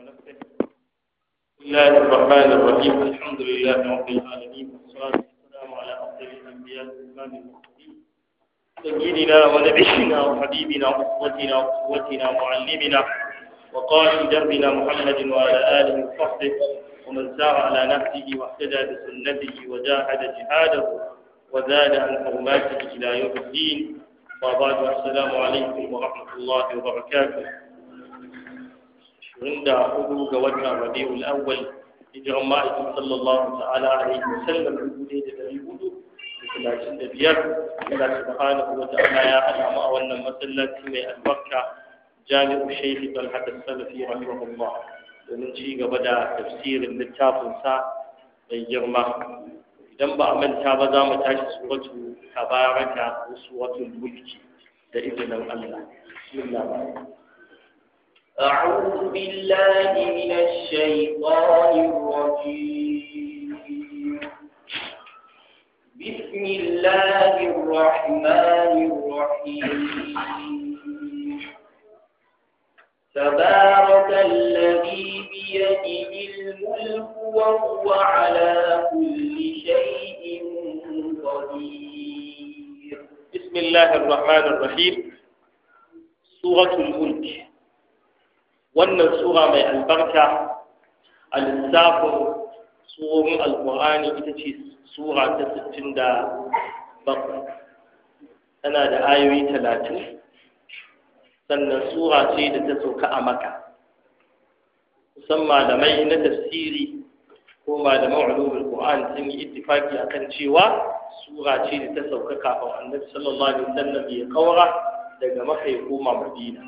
ونفسه بسم الله الرحمن الرحيم الحمد لله رب العالمين والصلاة والسلام على أفضل الأنبياء والإمام المرسلين سيدنا ونبينا وحبيبنا وأسوتنا وقوتنا معلمنا وقائد دربنا محمد وعلى آله وصحبه ومن سار على نهجه واهتدى بسنته وجاهد جهاده وزاد عن حرماته إلى يوم الدين وبعد السلام عليكم ورحمة الله وبركاته عند حدود وجه ربيع الأول hijiran ma'aikin sallallahu ta'ala alaihi wa sallam dubu ɗaya da ɗari hudu da talatin da biyar Allah subhanahu wa ta'ala ya haɗa mu a wannan masallaci mai albarka jami'u shaykh Talhat al-Salafi rahimahullah domin ci gaba da tafsirin littafin sa mai girma idan ba a manta ba za mu tashi suratu tabaraka ko suratul mulki da izinin Allah bismillah أعوذ بالله من الشيطان الرجيم بسم الله الرحمن الرحيم تبارك الذي بيده الملك وهو على كل شيء قدير بسم الله الرحمن الرحيم سورة الملك wannan sura mai albarka a lissafin Al-Qur'ani ita ce sura ta sittin da bakwai tana da ayoyi talatin sannan sura ce da ta sauka a maka kusan malamai na tafsiri ko malaman al qur'an sun yi ittifaki akan cewa sura ce da ta sauka kafin annabi sallallahu alaihi wasallam ya kaura daga maka ya koma madina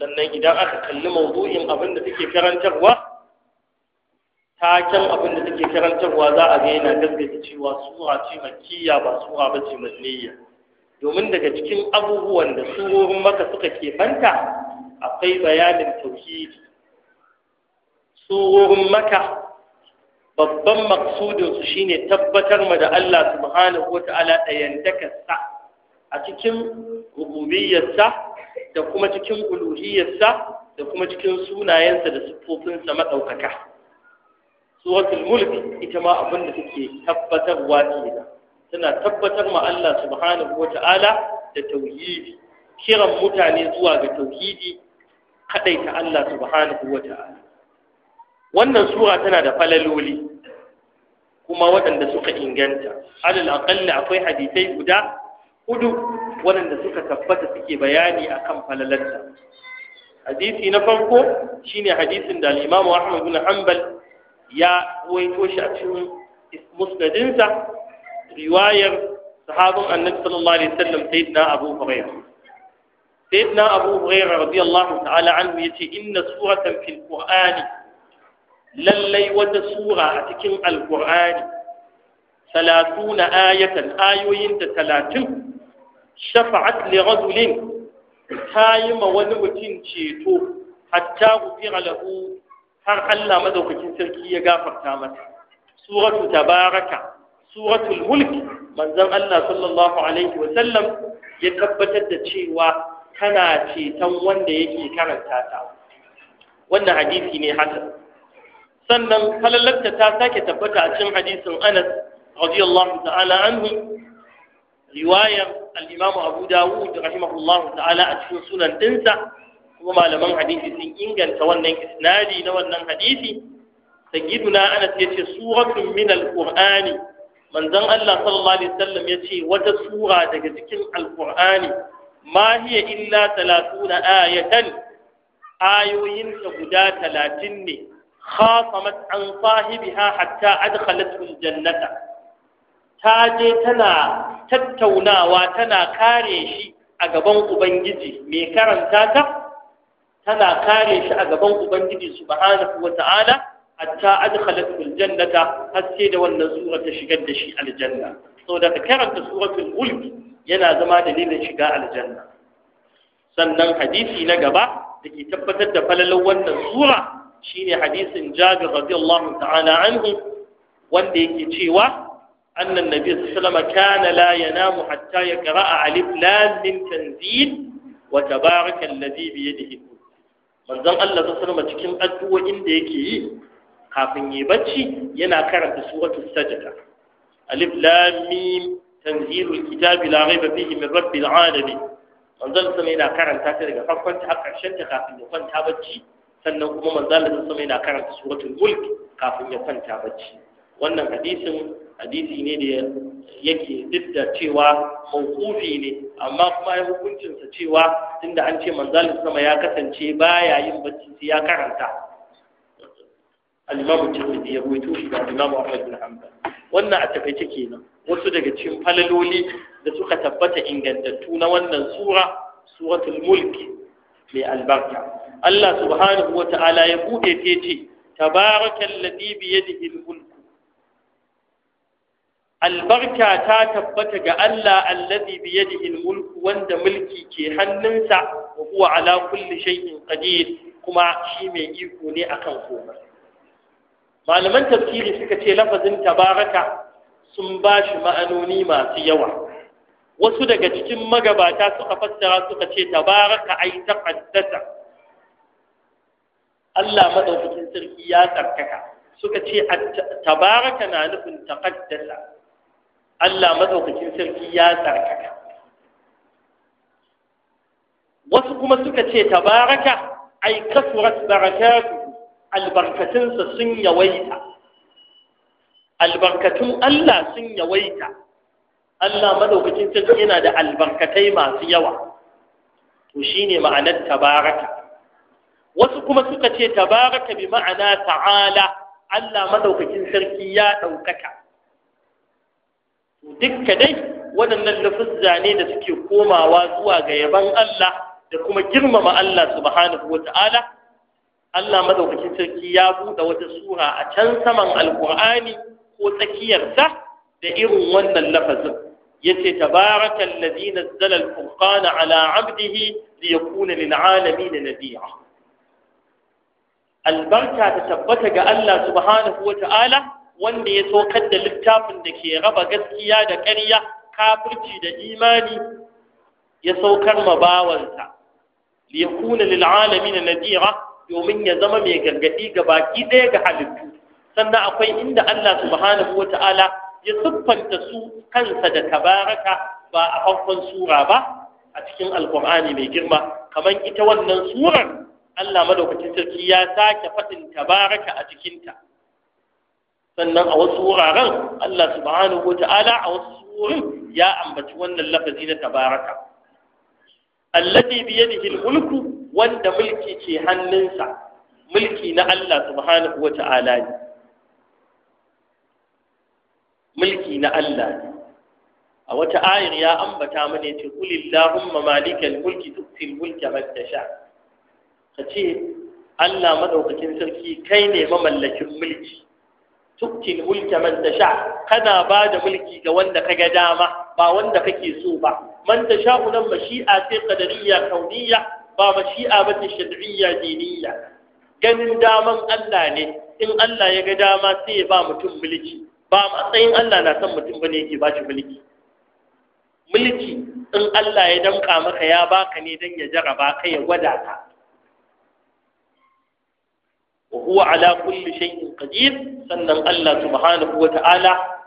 sannan idan aka kalli mawdu'in abin da take karantarwa taken abin da take karantarwa za a ga yana gaskata cewa sura ce makkiya ba sura ba ce madaniya domin daga cikin abubuwan da surorin maka suka ke fanta akwai bayanin tauhidi surorin maka babban maksudinsu shine tabbatar ma da Allah subhanahu wa ta'ala ɗayantakarsa a cikin rububiyyarsa da kuma cikin uluhiyarsa da kuma cikin sunayensa da siffofinsa maɗaukaka suratul mulk ita ma abin da take tabbatarwa kenan tana tabbatar ma Allah subhanahu wata'ala da tauhidi kiran mutane zuwa ga tauhidi kadaita Allah subhanahu wata'ala wannan sura tana da falaloli kuma waɗanda suka inganta alal aqalli akwai hadisai guda hudu waɗanda suka tabbata suke bayani a kan falalarta hadisi na farko shine hadisin da al-Imam Ahmad bin Hanbal ya waito shi a cikin musnadinsa riwayar sahabin annabi sallallahu alaihi wasallam sayyidina Abu Hurairah sayyidina Abu Hurairah radiyallahu ta'ala anhu yace inna suratan fil qur'ani lallai wata sura a cikin alqur'ani qurani 30 ayatan ayoyin da 30 shafa'at li rajulin ta yi ma wani mutum ceto hatta gufira lahu har Allah madaukakin sarki ya gafarta mata suratu tabaraka suratul mulk manzon Allah sallallahu alaihi wa sallam ya tabbatar da cewa tana ceton wanda yake karanta ta wannan hadisi ne hasan sannan falalarta ta sake tabbata a cikin hadisin Anas radiyallahu ta'ala anhu riwayar alimamu imam Abu Dawud rahimahullah ta'ala a cikin sunan dinsa kuma malaman hadisi sun inganta wannan isnadi na wannan hadisi sayyiduna Anas yace suratun min al-Qur'ani manzon Allah sallallahu alaihi wasallam yace wata sura daga cikin al-Qur'ani ma hiya illa 30 ayatan ayoyin ta guda talatin ne khasamat an sahibiha hatta adkhalathu jannata ta je tana tattaunawa tana kare shi a gaban ubangiji mai karanta ta tana kare shi a gaban ubangiji subhanahu wata'ala hatta adkhalat fil jannata haske da wannan sura ta shigar da shi aljanna saboda ka karanta suratul mulk yana zama dalilin shiga aljanna sannan hadisi na gaba da ke tabbatar da falalar wannan sura shine hadisin jabir radiyallahu ta'ala anhu wanda yake cewa أن النبي صلى الله عليه وسلم كان لا ينام حتى يقرأ علف لام من تنزيل وتبارك الذي بيده من ذن الله صلى الله عليه وسلم تكن أدوى إن ديكي kafin yi bacci yana karanta suratul sajda alif lam mim tanzilul kitabi la raiba fihi min rabbil alamin manzon sama yana karanta ta daga farkon ta karshen kafin ya kwanta bacci sannan kuma manzon Allah yana karanta suratul mulki kafin ya kwanta bacci wannan hadisin hadisi ne da yake duk da cewa mawqufi ne amma kuma ya hukuncin cewa tunda an ce manzalin sama ya kasance baya yin bacci sai ya karanta al-imam ya ruwaito shi da imam ahmad bin hanbal wannan a takaice kenan wasu daga cikin falaloli da suka tabbata ingantattu na wannan sura suratul mulk mai albarka Allah subhanahu wa ta'ala ya buɗe ta ce tabarakallazi bi albarka ta tabbata ga Allah allazi bi yadihi mulku wanda mulki ke hannunsa wa huwa ala kulli shay'in qadir kuma shi mai iko ne akan komai malaman tafsiri suka ce lafazin tabaraka sun ba shi ma'anoni masu yawa wasu daga cikin magabata suka fassara suka ce tabaraka ai taqaddasa Allah madaukakin sarki ya tsarkaka suka ce tabaraka na nufin taqaddasa Allah madaukakin sarki ya tsarkaka wasu kuma suka ce tabaraka ai kasurat barakatu albarkatunsa sun yawaita albarkatun Allah sun yawaita Allah madaukakin sarki yana da albarkatai masu yawa to shine ma'anar tabaraka wasu kuma suka ce tabaraka bi ma'ana ta'ala Allah madaukakin sarki ya ɗaukaka dukka dai waɗannan lafuzza ne da suke komawa zuwa ga yaban Allah da kuma girmama Allah subhanahu Allah madaukakin sarki ya buɗe wata sura a can saman alkur'ani ko tsakiyarsa da irin wannan lafazin ya ce ladzi nazzala al-furqana ala 'abdihi liyakuna lil da nadira albarka ta tabbata ga Allah subhanahu wanda ya saukar da littafin da ke raba gaskiya da ƙarya kafirci da imani ya saukar ma bawansa liyakuna lil alamin nadira domin ya zama mai gargadi ga baki ɗaya ga halittu sannan akwai inda Allah subhanahu wata'ala ya siffanta su kansa da tabaraka ba a farkon sura ba a cikin alkur'ani mai girma kamar ita wannan surar Allah madaukakin sarki ya sake faɗin tabaraka a cikinta sannan a wasu wuraren Allah subhanahu wata'ala a wasu wurin ya ambaci wannan lafazi na tabaraka alladhi bi yadihi mulku wanda mulki ke hannunsa mulki na Allah subhanahu wata'ala ne mulki na Allah ne a wata ayar ya ambata mana ce kulillahumma malikal mulki tuktil mulka man tasha kace Allah madaukakin sarki kai ne mamallakin mulki tukti mulka man tasha kana ba da mulki ga wanda kaga dama ba wanda kake so ba man tasha nan mashi'a sai qadariyya kauniyya ba mashi'a ba ta shar'iyya diniyya ganin daman Allah ne in Allah ya ga dama sai ya ba mutum mulki ba matsayin Allah na san mutum bane yake ba shi mulki mulki in Allah ya danka maka ya baka ne dan ya jaraba ka ya gwada ka wa huwa ala kulli shay'in sannan Allah subhanahu wa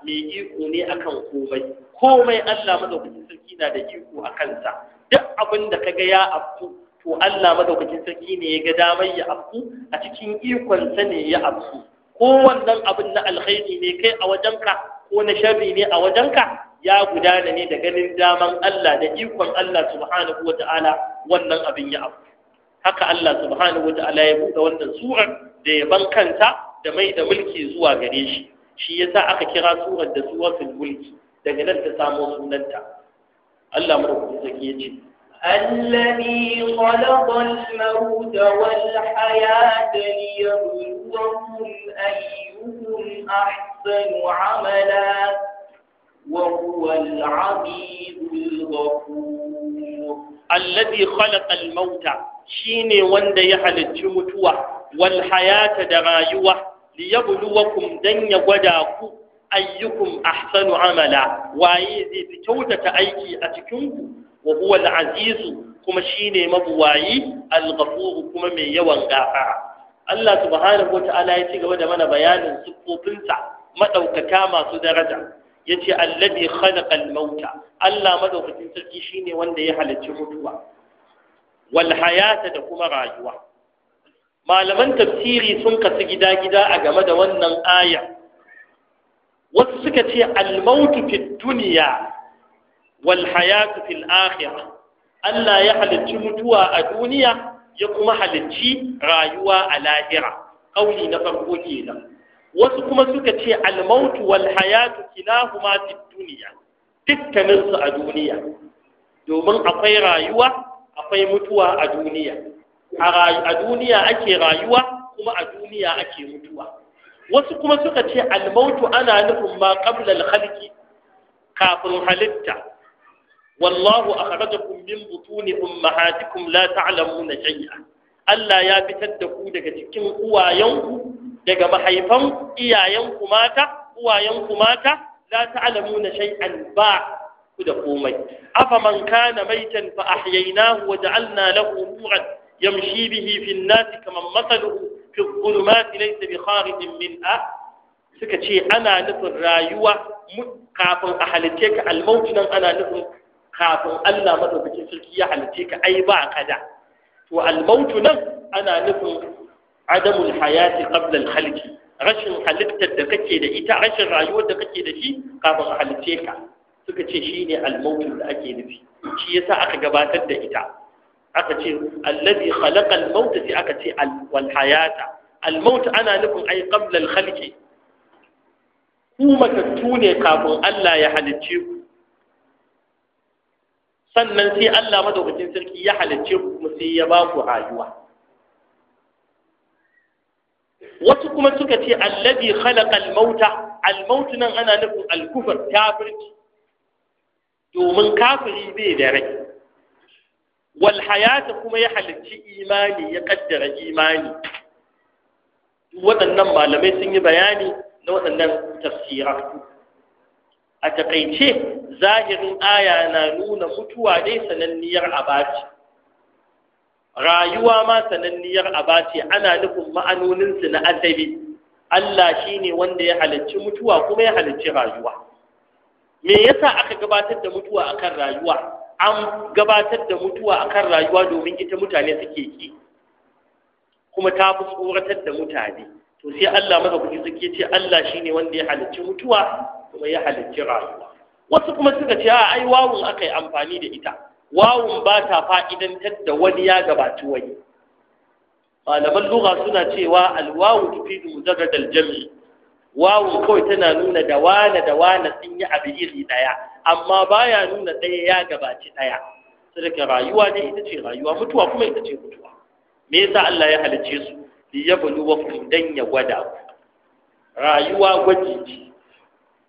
mai iko ne akan komai komai Allah madaukakin sarki na da iko a kansa duk abin da kaga ya afku to Allah madaukakin sarki ne ya ga damar ya afku a cikin ikon sa ne ya afku ko wannan abin na alkhairi ne kai a wajenka ko na sharri ne a wajenka ya gudana ne da ganin daman Allah da ikon Allah subhanahu wa ta'ala wannan abin ya afku haka Allah subhanahu wa ta'ala ya buɗe wannan surar da yaban kanta da mai da mulki zuwa gare shi shi yasa aka kira surar da suratul mulki daga nan ta samo sunanta Allah madaukakin sarki ya ce الذي خلق الموت والحياة ليبلوكم أيكم أحسن عملا وهو العزيز الغفور الذي خلق الموت شيني وند يحل الجمتوة wal hayata da rayuwa liyabluwakum dan ya gwada ku ayyukum ahsanu amala waye zai fi kyautata aiki a cikin ku wa huwa al-aziz kuma shine mabuwayi al-ghafur kuma mai yawan gafara Allah subhanahu wata'ala ya ci gaba da mana bayanin siffofinsa madaukaka masu daraja yace alladhi khalaqa al-mauta Allah madaukakin sarki shine wanda ya halicci mutuwa wal hayata da kuma rayuwa malaman tafsiri sun kasu gida-gida a game da wannan aya wasu suka ce almautu fi duniya wal hayatu fil akhirah Allah ya halicci mutuwa a duniya ya kuma halicci rayuwa a lahira kauli na farko kenan wasu kuma suka ce almautu wal hayatu kilahuma fi duniya dukkaninsu a duniya domin akwai rayuwa akwai mutuwa a duniya a duniya ake rayuwa kuma a duniya ake mutuwa wasu kuma suka ce almautu ana nufin ma qabla khalqi kafin halitta wallahu akhrajakum min butuni ummahatikum la ta'lamuna shay'a Allah ya fitar da ku daga cikin uwayenku daga mahaifan iyayenku mata uwayenku mata la ta'lamuna shay'an ba ku da komai man kana maitan fa ahyaynahu wa ja'alna lahu nuran يمشي به في الناس كمن مثله في الظلمات ليس بخارج منها suka ce ana nufin rayuwa kafin a halitte ka ana nufin kafin Allah madaukakin sarki ya halitte ka ai ba kada to almautu ana nufin hayati qabla alkhalqi rashin halittar da kake da ita rashin rayuwar da kake da shi kafin a ka suka ce shine almautu da ake nufi shi yasa aka gabatar da ita aka ce allazi khalaqa al-maut sai aka ce wal hayata al-maut ana nufin ai qabla al-khalqi ku matattu ne kafin Allah ya halicce ku sannan sai Allah madaukakin sarki ya halicce ku sai ya ba ku rayuwa wasu kuma suka ce allazi khalaqa al-mauta al-maut nan ana nufin al-kufr kafirci domin kafiri bai da rai Walhayata kuma ya halarci imani ya kaddara imani waɗannan malamai sun yi bayani na waɗannan tafsira a taƙaice zahirin aya na nuna mutuwa ne sananniyar abaci rayuwa ma sananniyar abaci ana nufin ma'anoninsu na asali Allah shi ne wanda ya halarci mutuwa kuma ya halarci rayuwa me yasa aka gabatar da mutuwa akan rayuwa an gabatar da mutuwa akan rayuwa domin ita mutane suke ki kuma ta fi tsoratar da mutane to sai Allah maka kuɗi suke ce Allah shine wanda ya halicci mutuwa kuma ya halicci rayuwa wasu kuma suka ce a ai wawun aka yi amfani da ita wawun ba ta fa'idantar da wani ya gabaci wani malaman lugha suna cewa alwawu tufidu mujarrad daljami. wawun kawai tana nuna da wane da wane sun yi abu iri daya amma baya nuna ɗaya ya gabaci ɗaya sadaka rayuwa ne ita ce rayuwa mutuwa kuma ita ce mutuwa me yasa Allah ya halice su li yabluwakum dan ya gwada rayuwa gwaji ce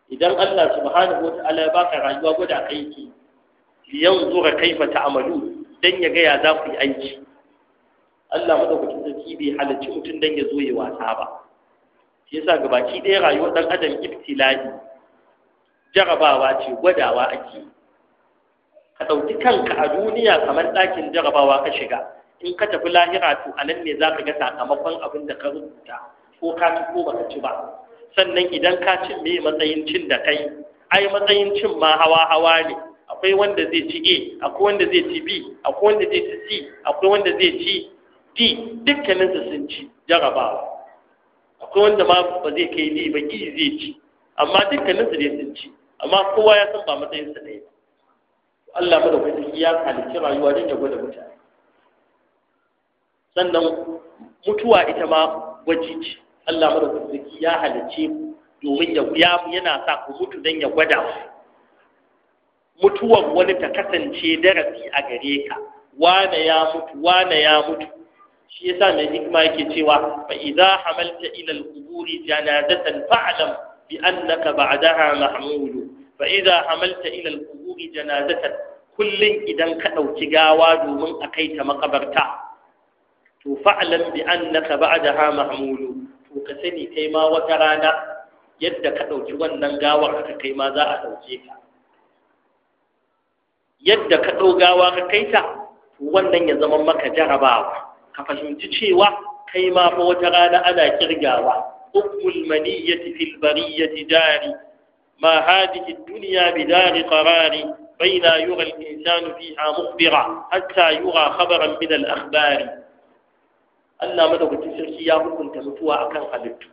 idan Allah subhanahu wataala ya baka rayuwa gwada aiki li yanzura kaifa ta'malu dan ya ga ya za ku yi aiki Allah madaukakin sarki bai halarci mutum dan ya zo ya wasa ba shi yasa gabaki ɗaya rayuwar dan adam ibtila'i jarabawa ce gwadawa ake ka ɗauki kanka a duniya kamar ɗakin jarabawa ka shiga in ka tafi lahira to a nan ne za ka ga sakamakon abin da ka rubuta ko ka ci ko ka ci ba sannan idan ka ci me matsayin cin da kai ai matsayin cin ma hawa hawa ne akwai wanda zai ci A akwai wanda zai ci B akwai wanda zai ci C akwai wanda zai ci D dukkanin su sun ci jarabawa akwai wanda ma ba zai kai B ba E zai ci amma dukkanin su dai sun ci amma kowa ya san ba matsayinsa ne Allah madaukaki ya halicci rayuwa don ya gwada mutane sannan mutuwa ita ma gwaji ce Allah madaukaki ya halicce domin ya yana sa ku mutu don ya gwada ku wani ta kasance darasi a gare ka wane ya mutu wane ya mutu shi yasa mai hikima yake cewa fa idza hamalta ila al-quburi janazatan fa'lam بأنك بعدها محمول فإذا حملت إلى القبور جنازة كل إذا كأو تجاوى من أكيت مقبرتا فاعلم بأنك بعدها محمول وكسني كيما وترانا yadda ka ɗauki wannan gawar haka kai ma za a ɗauke ka yadda ka ɗau gawa ka kai ta wannan ya zama maka jarabawa ka fahimci cewa kai ma fa wata rana ana kirgawa أم المنية في البرية داري ما هذه الدنيا بدار قرار بين يرى الإنسان فيها مخبرا حتى يرى خبرا من الأخبار Allah madaukakin sarki ya hukunta mutuwa akan halittu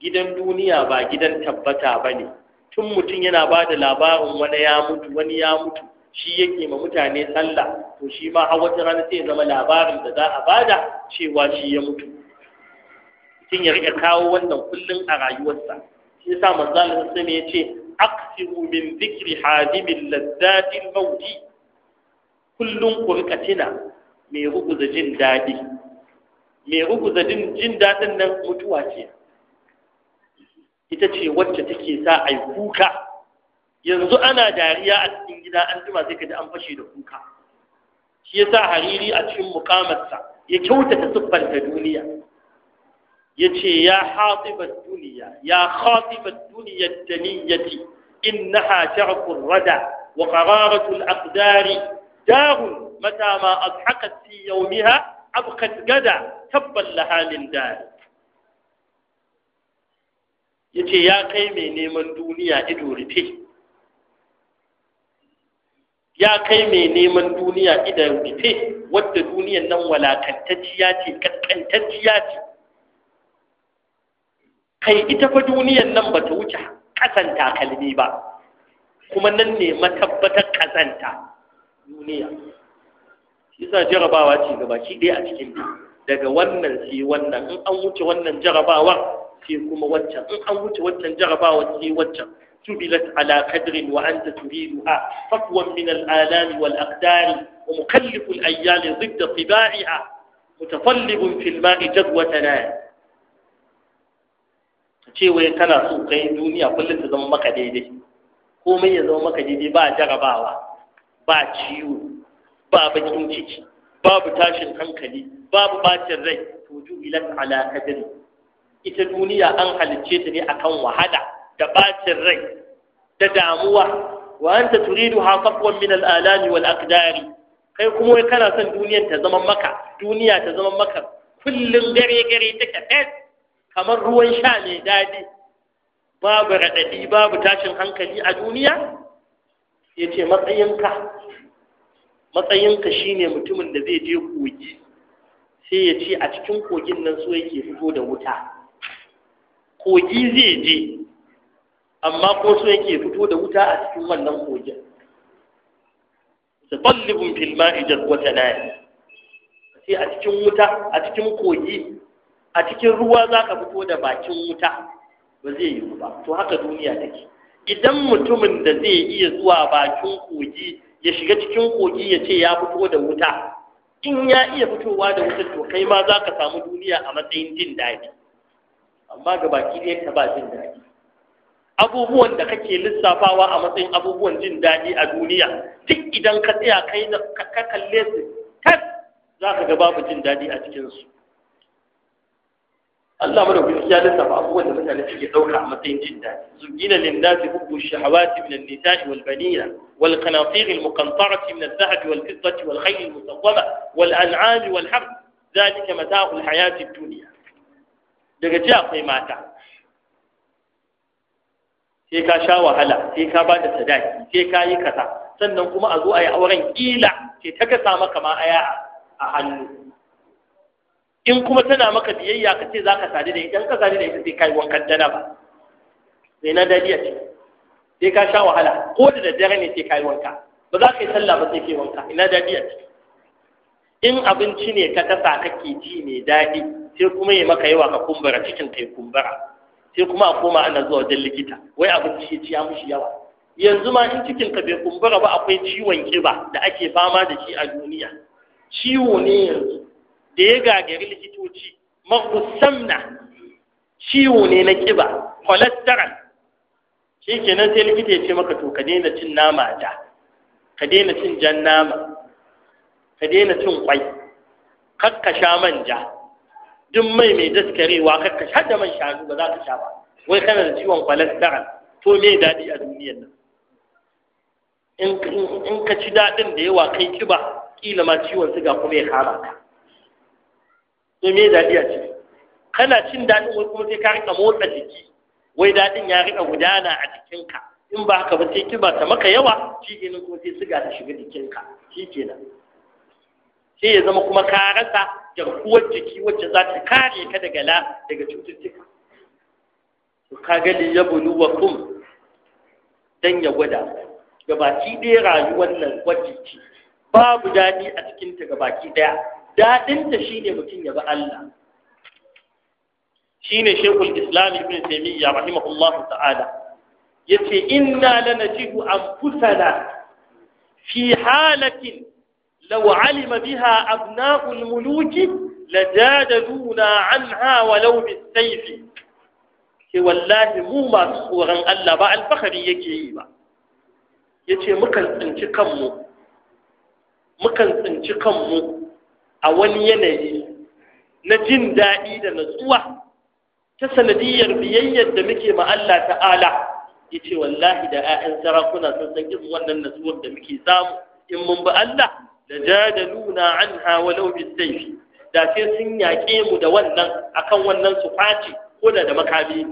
gidan duniya ba gidan tabbata ba ne tun mutum yana ba da labarin wani ya mutu wani ya mutu shi yake ma mutane sallah to shi ma har rana zai zama labarin da za a bada cewa shi ya mutu mutum ya riƙa kawo wannan kullum a rayuwarsa shi yasa manzo Allah sai ya ce aksiru min dhikri hadimin lazzatil mawdi kullum ku riƙa tina mai ruguza jin daɗi mai ruguza jin daɗin nan mutuwa ce ita ce wacce take sa a kuka yanzu ana dariya a cikin gida an jima sai ka ji an fashe da kuka shi yasa hariri a cikin mukamarsa ya kyautata siffanta duniya yace ya hatibat duniya ya khatibat duniya daniyati innaha ta'qur rada wa qararatu al-aqdari darun mata ma adhaqat fi yawmiha abqat gada tabban laha min dar yace ya kai mai neman duniya ido rufe ya kai mai neman duniya idan rufe wadda duniyan nan walakantacciya ce kaskantacciya ce kai ita fa duniyan nan ba ta wuce ƙasan takalmi ba kuma nan ne matabbatar kasanta duniya shi sa jarabawa ce gaba shi ɗaya a cikin daga wannan sai wannan in an wuce wannan jarabawar sai kuma waccan in an wuce waccan jarabawar sai waccan تبلت على قدر وأنت تريدها صفوا من الآلام والأقدار ومكلف الأيال ضد طباعها متطلب في الماء جدوى تنال cewa kana so kai duniya kullum ta zama maka daidai komai ya zama maka daidai ba jarabawa ba ciwo ba bakin ciki babu tashin hankali babu bacin rai to ju'ilat ala qadri ita duniya an halicce ta ne akan wahala da bacin rai da damuwa wa anta turidu haqaqwan min al-alami wal aqdari kai kuma wai kana son duniyar ta zama maka duniya ta zama maka kullum gare gare take fes kamar ruwan sha mai daɗi babu raɗaɗi babu tashin hankali a duniya ya ce matsayinka matsayinka shine mutumin da zai je kogi sai ya ce a cikin kogin nan so yake fito da wuta kogi zai je amma ko so yake fito da wuta a cikin wannan kogin tatallibun fil ma'i jadwata nari sai a cikin wuta a cikin kogi a cikin ruwa za ka fito da bakin wuta ba zai yi ba to haka duniya take idan mutumin da zai iya zuwa bakin kogi ya shiga cikin kogi ya ce ya fito da wuta in ya iya fitowa da wuta to kai ma za ka samu duniya a matsayin jin daɗi amma ga baki ɗaya ta ba jin daɗi abubuwan da kake lissafawa a matsayin abubuwan jin daɗi a duniya duk idan ka tsaya kai ka kalle su tas za ka ga babu jin daɗi a cikinsu Allah mara kuma ya lissafa abubuwan da mutane suke ɗauka a matsayin jin daɗi zugina linnasi hubbu shahawati min an-nisa'i wal banina wal qanatir al muqantarati min adh-dhahabi wal fiddati wal khayl al musawwama wal an'ami wal harb dhalika mata'u al hayati ad-dunya daga ji akwai mata sai ka sha wahala sai ka ba da sadaki sai ka yi kaza sannan kuma a zo a yi auren kila sai ta gasa maka ma aya a hannu in kuma tana maka biyayya ka ce za ka sadu da ita in ka sadu da ita sai kai wankan dana ba sai na dariya ce sai ka sha wahala ko da daddare ne sai kai wanka ba za ka yi sallah ba sai kai wanka ina dariya ce in abinci ne ka tasa kake ji mai daɗi sai kuma ya maka yawa ka kumbura cikin kai kumbura sai kuma a koma ana zuwa wajen likita wai abinci ya ci ya mushi yawa yanzu ma in cikin ka bai kumbura ba akwai ciwon kiba da ake fama da shi a duniya ciwo ne yanzu da ya gagari likitoci samna, ciwo ne na kiba cholesterol shi nan sai likita ya ce maka to ka daina cin nama da ka daina cin jan nama ka daina cin kwai kakka sha manja duk mai mai daskarewa kakka sha da man shanu ba za ka sha ba wai kana da ciwon cholesterol to me daɗi a duniyar nan in ka ci daɗin da yawa kai kiba kila ma ciwon suga kuma ya kama ka me daɗi a ciki kana cin daɗin wai kuma sai ka rika motsa jiki wai daɗin ya rika gudana a jikinka in ba haka ba sai kiba ta maka yawa shi nan kuma sai siga ta shiga jikinka shi nan sai ya zama kuma ka rasa garkuwar jiki wacce za ta kare ka daga la daga cututtuka to ka ga li kum dan ya gwada gabaki ɗaya rayuwar nan wacce ce babu daɗi a cikinta gabaki ɗaya daɗinta shi ne mutum ya bi Allah shi ne shekul islam ibn taimiyya rahimahullah ta'ala ya ce inna lanajidu anfusana fi halatin law alima biha abna'ul muluki lajadaduna anha walau bisayfi ce wallahi mu masu tsoron Allah ba alfakari yake yi ba yace mukan tsinci mukan tsinci kanmu a wani yanayi na jin daɗi da natsuwa ta sanadiyar biyayyar da muke ma Allah ta'ala ce wallahi da 'ya'yan sarakuna sun san irin wannan natsuwar da muke samu in mun bi Allah da an hawa walau bisayfi da sai sun yaƙe mu da wannan akan wannan su face ko da da makami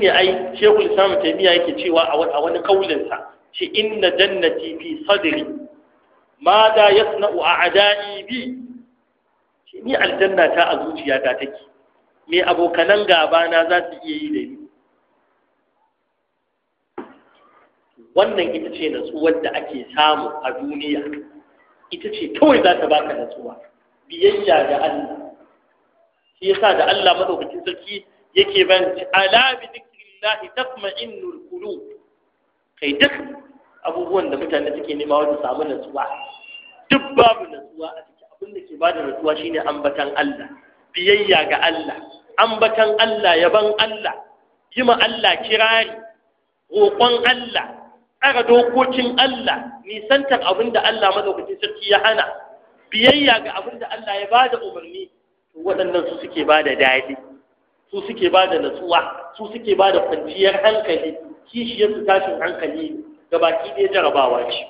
ne ai shekul samun taimiyya yake cewa a wani kaulin shi inna jannati fi sadri ماذا يصنع yasna'u بي ni aljanna ta a zuciyata take me abokanan gaba na za su iya yi da ni wannan ita ce natsuwar da ake samu a duniya ita ce kawai za ta baka natsuwa biyayya da Allah shi yasa da Allah madaukakin sarki yake ban ala bi zikrillahi tatma'innul qulub kai duk abubuwan da mutane suke nema wajen samu natsuwa duk babu natsuwa a cikin abin da ke bada natsuwa shine ambatan Allah biyayya ga Allah ambatan Allah yaban Allah yi Allah kirari roƙon Allah tsara dokokin Allah nisantar abin da Allah madaukakin sarki ya hana biyayya ga abin da Allah ya bada umarni waɗannan su suke bada daɗi su suke bada natsuwa su suke bada kwanciyar hankali kishiyar su tashin hankali ne gabaki ɗaya jarabawa ce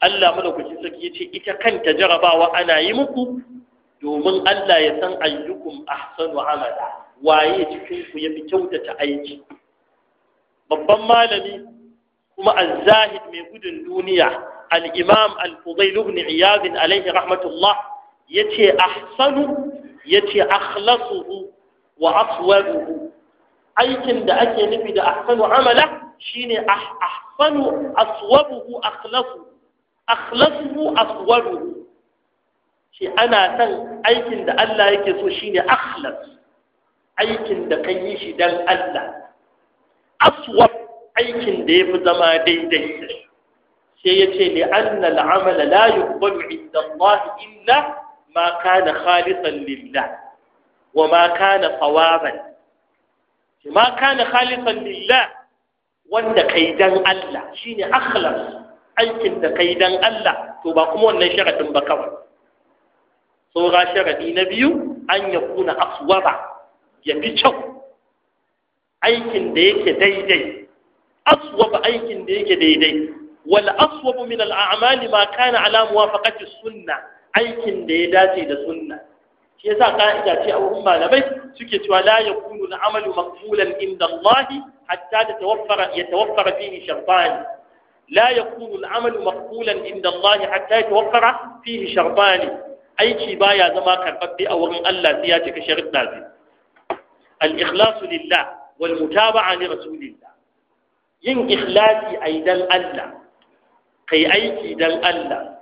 Allah madaukakin saki yace ita kanta jarabawa ana yi muku domin Allah ya san ayyukum ahsanu amala waye cikin ku yafi kyautata aiki babban malami kuma az-zahid mai gudun duniya al-imam al-fudayl ibn iyad alayhi rahmatullah yace ahsanu yace akhlasuhu wa aswabuhu aikin da ake nufi da ahsanu amala shine ah, ahsanu aswabuhu akhlafu akhlafuhu aswabuhu shi ana san aikin da Allah yake so shine akhlas aikin da kan yi shi dan Allah aswab aikin da yafi zama daidai sai yace li anna al-amala la yuqbalu inda Allah illa ma kana khalisan lillah ma كان صوابا Ma كان خالصا لله wanda kai dan Allah shine akhlas aikin da kai dan Allah to ba kuma wannan sharadin ba kawai saura sharadi na biyu an ya kuna aswaba ya fi kyau aikin da yake daidai aswaba aikin da yake daidai wal aswabu min al a'mali ma kana ala muwafaqati sunna aikin da ya dace da sunna shi yasa ka'ida ce a wurin malamai suke cewa la yakunu al amalu maqbulan inda Allah حتى تتوفر يتوفر فيه شرطان لا يكون العمل مقبولا عند الله حتى يتوفر فيه شرطان أي شيء بايا زما كربت أو الله سياتك شرط نازل الإخلاص لله والمتابعة لرسول الله ين إخلاصي أيضا الله كي أيكي دل الله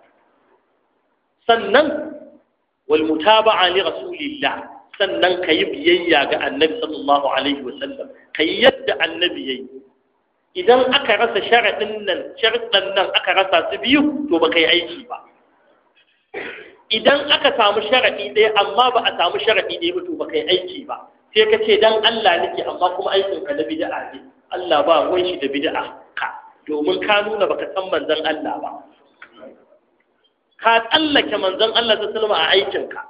سنن والمتابعة لرسول الله sannan ka yi biyayya ga annabi sallallahu alaihi wasallam ka yi yadda annabi ya yi idan aka rasa sharaɗin nan sharɗan nan aka rasa su biyu to ba ka yi aiki ba idan aka samu sharaɗi ɗaya amma ba a samu sharaɗi ɗaya ba to ba ka yi aiki ba sai ka ce dan Allah nake amma kuma aikin ka na bid'a ne Allah ba ruwan shi da bid'a ka domin ka nuna baka san manzon Allah ba ka tsallake manzon Allah sallallahu alaihi wasallam a aikin ka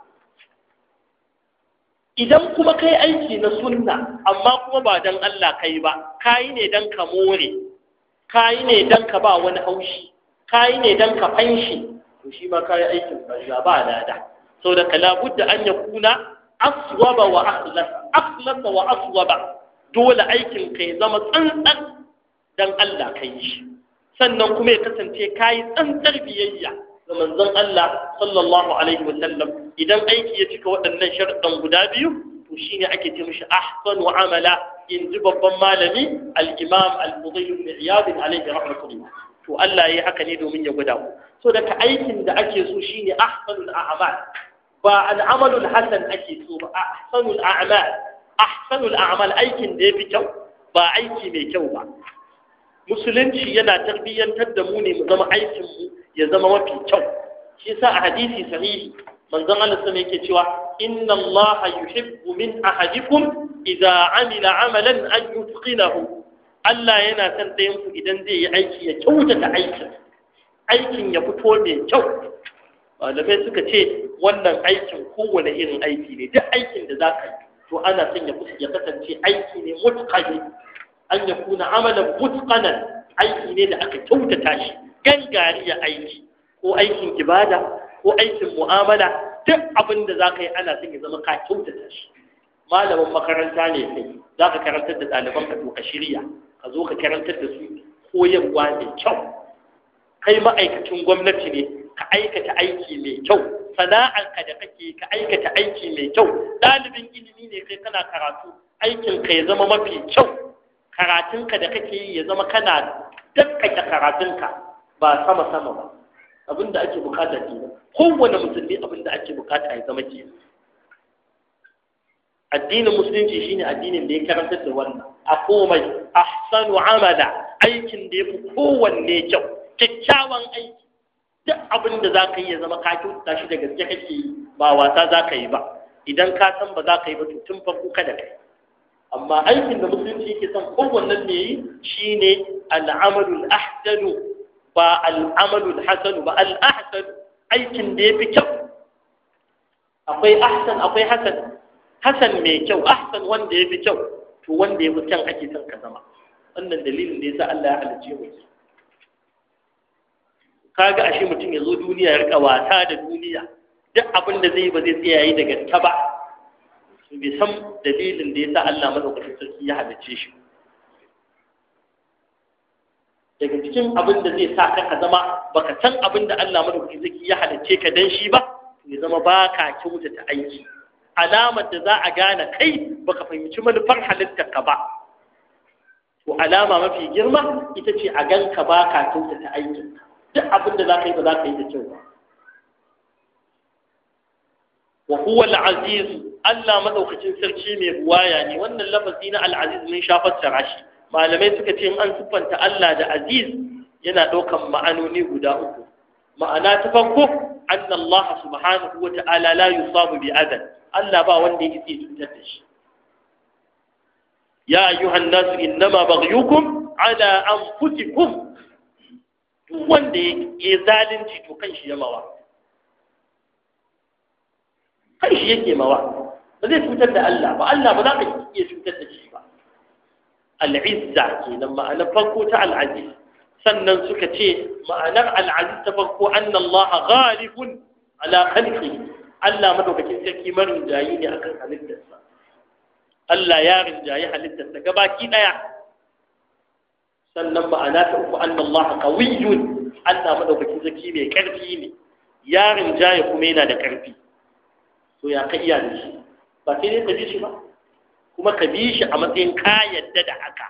idan kuma kai aiki na sunna amma kuma ba don Allah kai ba kai ne dan ka more kai ne dan ka ba wani haushi kai ne dan ka fanshi to shi ma kai aikin banza ba lada saboda kala budda an ya kuna, aswaba wa akhlasa akhlasa wa aswaba dole aikin kai zama tsantsan don Allah kai shi sannan kuma ya kasance kai tsantsar biyayya ga manzon Allah sallallahu alaihi wa sallam idan aiki ya cika waɗannan sharuɗan guda biyu to shine ake ce mishi ahsanu amala in ji babban malami al-imam al-fudayl ibn iyad alayhi rahmatullah to Allah yi haka ne domin ya guda so daga aikin da ake so shine ahsanul a'mal ba al hasan ake so ba ahsanul a'mal ahsanul a'mal aikin da ya fi kyau ba aiki mai kyau ba musulunci yana tarbiyyantar da mu ne mu zama aikin mu ya zama mafi kyau shi sa a hadisi sahihi manzon Allah sun yake cewa inna Allah yuhibbu min ahadikum idza amila amalan an yutqinahu Allah yana son ɗayan ku idan zai yi aiki ya kyautata aikin aikin ya fito mai kyau malamai suka ce wannan aikin kowane irin aiki ne duk aikin da za ka yi to ana son ya ya kasance aiki ne mutqani an ya kuna amalan mutqanan aiki ne da aka kyautata shi gangariya aiki ko aikin ibada ko aikin mu'amala duk abin da za ka yi ana son ya zama ka kyautata shi malamin makaranta ne sai za ka karantar da ɗaliban ka to ka shirya ka zo ka karantar da su koyarwa mai kyau kai ma'aikacin gwamnati ne ka aikata aiki mai kyau sana'arka da kake ka aikata aiki mai kyau ɗalibin ilimi ne kai kana karatu aikin ka ya zama mafi kyau karatunka da kake yi ya zama kana karatun karatunka ba sama sama ba abin da ake bukata ke kowane musulmi abin da ake bukata ya zama ke addinin musulunci shine addinin da ya karanta da wannan a komai ahsanu amala aikin da ya kowanne kyau kyakkyawan aiki duk abin da za ka yi ya zama ka kyauta shi da gaske kake yi ba wasa za ka yi ba idan ka san ba za ka yi ba to tun farko kada kai amma aikin da musulunci yake son kowanne ne yi shine al'amalul ahsanu ba al'amalu hasanu ba al’ahasan aikin da ya fi kyau akwai ahasan akwai hasan hasan mai kyau ahasan wanda ya fi kyau to wanda ya fi kyan ake son ka zama wannan dalilin ne sa Allah ya ke. mu kaga ashe mutum ya zo duniya ya rika wasa da duniya duk abin da zai ba zai tsaya daga da gaske ba bai san dalilin da ya sa Allah madaukakin sarki ya halarci shi ba daga cikin abin da zai sa ka ka zama baka san abin da Allah madaukakin zaki ya halicce ka dan shi ba ya zama baka ta aiki alamar da za a gane kai baka fahimci manufar halittar ka ba to alama mafi girma ita ce a ganka baka ta aiki. duk abin da za ka yi ba za ka yi da kyau ba wa huwa al-aziz Allah madaukakin sarki mai ruwaya ne wannan lafazi na al-aziz mun sha fassara malamai suka ce an siffanta Allah da aziz yana ɗaukan ma'anoni guda uku ma'ana ta farko anna Allah subhanahu wa ta'ala la yusabu bi adan Allah ba wanda ya ke cutar da shi ya ayyuhan nasu innama baghyukum ala anfusikum duk wanda ya zalunci to kan shi ya mawa kan shi yake mawa ba zai cutar da Allah ba Allah ba za ka iya cutar da shi ba al'izza kenan ma'anar farko ta al'aziz sannan suka ce ma'anar al'aziz ta farko annallaha ghalibun ala khalqi Allah madaukakin sarki marin jayi ne a kan halittarsa Allah ya rinjaye halittarsa gabaki ɗaya sannan ma'ana ta uku annallaha qawiyyun Allah madaukakin sarki mai karfi ne ya rinjaye kuma yana da karfi to ya ka iya da shi ba sai dai ka ji shi ba kuma ka bi shi a matsayin ka yadda da haka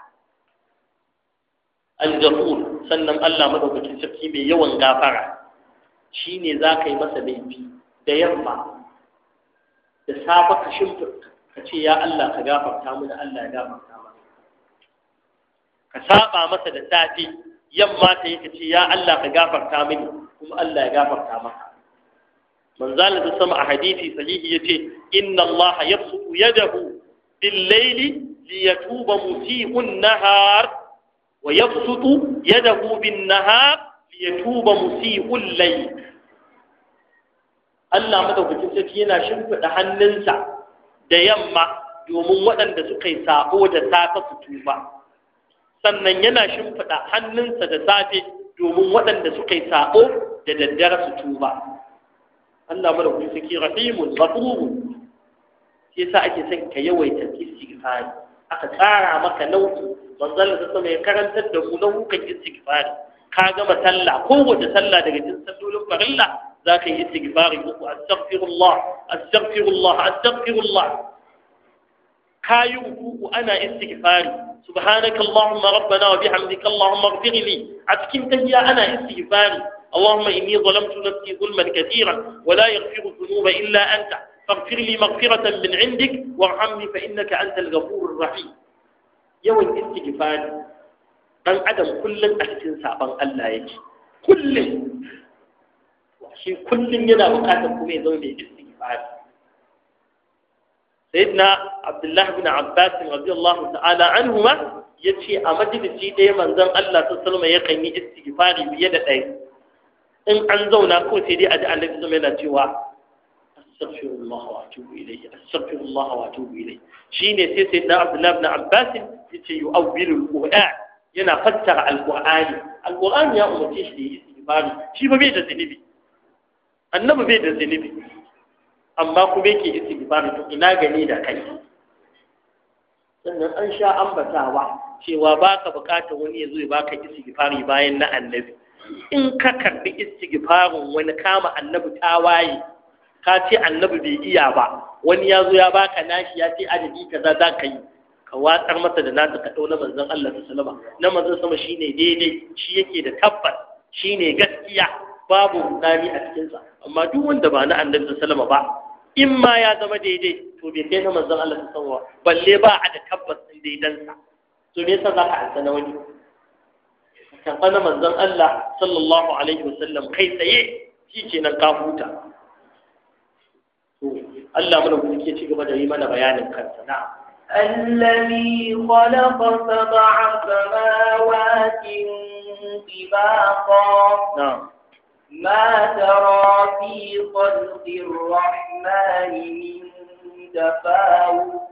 al-ghafur sannan Allah madaukakin sarki mai yawan gafara shine za ka yi masa laifi da yamma da safa ka shimfirka ka ce ya Allah ka gafarta mu da Allah ya gafarta mana ka saba masa da safe yamma ta yi ka ce ya Allah ka gafarta mini kuma Allah ya gafarta maka manzo Allah sama a hadisi sahihi yace inna Allah yabsutu yadahu بالليل ليتوب مسيء النهار ويبسط يده بالنهار ليتوب مسيء الليل Allah madaukakin sarki yana shimfiɗa hannunsa da yamma domin waɗanda suka yi sabo da safe su tuba sannan yana shimfiɗa hannunsa da safe domin waɗanda suka yi sabo da daddare su tuba Allah madaukakin sarki rahimun ghafurun shi yasa ake son ka yawaita istighfari aka tsara maka nau'i manzon Allah sama ya karantar da mu nau'ukan istighfari ka gama sallah kowace sallah daga cikin sallolin farilla za ka yi istighfari uku astaghfirullah astaghfirullah astaghfirullah ka yi ruku'u ana istighfari سبحانك اللهم ربنا وبحمدك اللهم اغفر لي أتكين تهيا أنا استغفاري اللهم إني ظلمت نفسي ظلما كثيرا ولا يغفر الذنوب إلا أنت فاغفر لي مغفرة من عندك وارحمني فإنك أنت الغفور الرحيم يوم استغفار dan adam kullum a cikin saban Allah yake kullum shi kullum yana bukatar kuma ya zama mai istighfar sayyidina abdullahi bin abbas radiyallahu ta'ala anhuma yace a majalisi ɗaya manzon Allah sallallahu alaihi wasallam yakan yi istighfari fiye da ɗaya in an zauna ko sai dai a ji Allah sallallahu yana cewa استغفر الله واتوب اليه astaghfirullah wa atubu ilayhi shine sai sai da Abdullah ibn Abbas yace yu'awwilu al-Qur'an yana fassara al-Qur'ani al-Qur'an ya umarce shi shi ba annabi bai da zunubi amma kuma yake to ina gani da kai sannan an sha ambatawa cewa ba ka bukatar wani ya zo ya baka istighfari bayan na annabi in ka karbi istigifarin wani kama annabi tawaye ka ce annabi bai iya ba wani ya zo ya baka nashi ya ce adadi ka za ka yi ka watsar masa da nata ka ɗau na manzon Allah ta salama na manzon sama shi ne daidai shi yake da tabbas shi ne gaskiya babu rudani a cikinsa amma duk wanda ba na annabi ta salama ba in ma ya zama daidai to bai kai na manzon Allah ta salama balle ba a da tabbas ɗin daidansa to me yasa za ka ansa na wani ka na manzon Allah sallallahu alaihi wasallam kai tsaye shi kenan ka huta Allah mana kuma ke cigaba da yi mana bayanin kansa na الذي خلق سبع سماوات طباقا نعم ما ترى في خلق الرحمن من تفاوت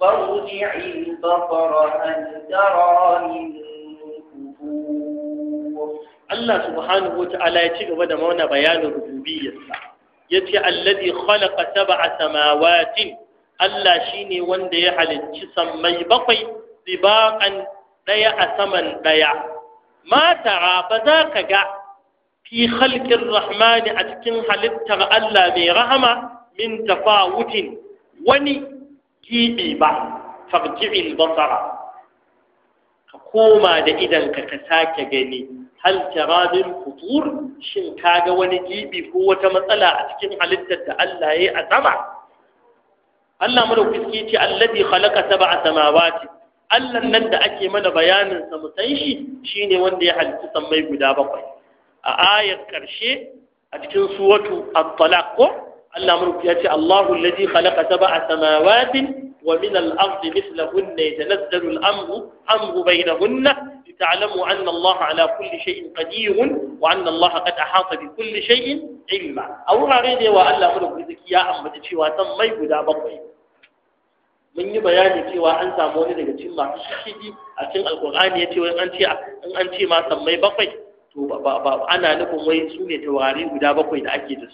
فارجع البصر هل ترى من كفور الله سبحانه وتعالى يتيجي بدا مونا بيان ربوبيته yace alladhi khalaqa sab'a samawatin Allah shine wanda ya halicci sammai bakwai sibaqan daya a saman daya ma tara ba za ka ga fi khalqir rahmani a cikin halittar Allah mai rahama min tafawutin wani gibi ba farji'il basara ka koma da idan ka sake gani Alkiramin tara min futur shin kaga wani gibi ko wata matsala a cikin halittar da Allah yayi a sama Allah madaukaki ce alladhi khalaqa sab'a samawati Allah nan da ake mana bayanin sa mu san shi shine wanda ya halitta sammai guda bakwai a ayar karshe a cikin suratu at-talaq ko Allah ya ce Allahu alladhi khalaqa sab'a samawati ومن الأرض مثلهن يتنزل الأمر أمر بينهن لتعلموا أن الله على كل شيء قدير وأن الله قد أحاط بكل شيء علما أو غير وألا ملك ذكيا أما تشوى تمي بدا بطي من يبيان تشوى أن ساموني لك تشمع تشكيدي أتن القرآن يتوى أنت أنت ما تمي بطي أنا نكم ويسوني تواري بدا بطي لأكيد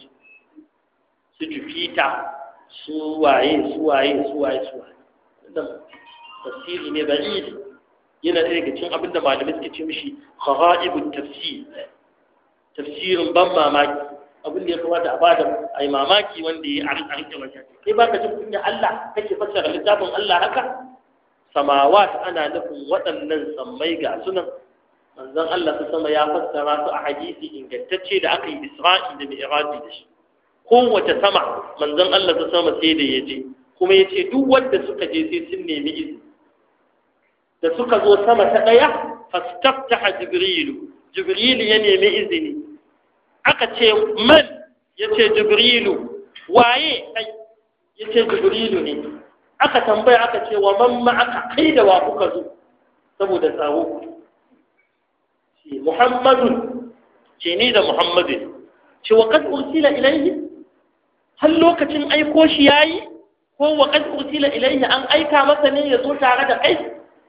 su Jupiter Suwaye, suwaye, suwaye, suwaye. su waye su waye wannan tafsiri ne da ili yana ɗaya daga cikin abinda malamai suke ce mishi kharaibut tafsir tafsirin ban mamaki abin da ya kamata a bada ai mamaki wanda ya an an kama shi kai baka jin kunya Allah kake fassara littafin Allah haka samawat ana nufin waɗannan sammai ga sunan manzon Allah su sama ya fassara su a hadisi ingantacce da aka yi Isra'i da Mi'raji da shi kowace sama manzon Allah ta sama sai da yaje kuma yace duk wanda suka je sai sun nemi izini da suka zo sama ta daya fastaftaha jibril jibril ya nemi izini aka ce man yace jibril waye ai yace jibril ne aka tambaya aka ce wa man ma aka kai da wa kuka zo saboda tsawo muhammadun ce ni da muhammadin ce wa kad ursila ilayhi har lokacin aiko shi ya yi? ko wa qad ursila ilaihi an aika masa ne ya zo tare da kai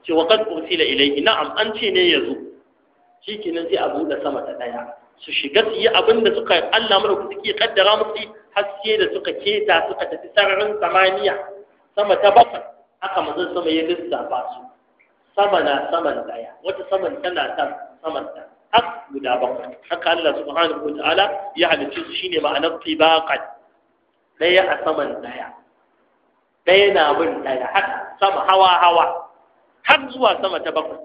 ce wa qad ursila ilaihi, na'am an ce ne ya zo. yazo shikenan sai a buɗe sama ta daya su shiga su yi abin da suka Allah madaukaki suke kaddara musu haske da suka keta suka tafi sararin samaniya sama ta bakwai haka manzon sama ya lissafa su sama na saman daya wata saman tana san saman ta har guda bakwai haka Allah subhanahu wataala ya halicce su shine ma'anar tibaqat ɗaya a saman ɗaya ɗaya na bin ɗaya har sama hawa hawa har zuwa sama ta bakwai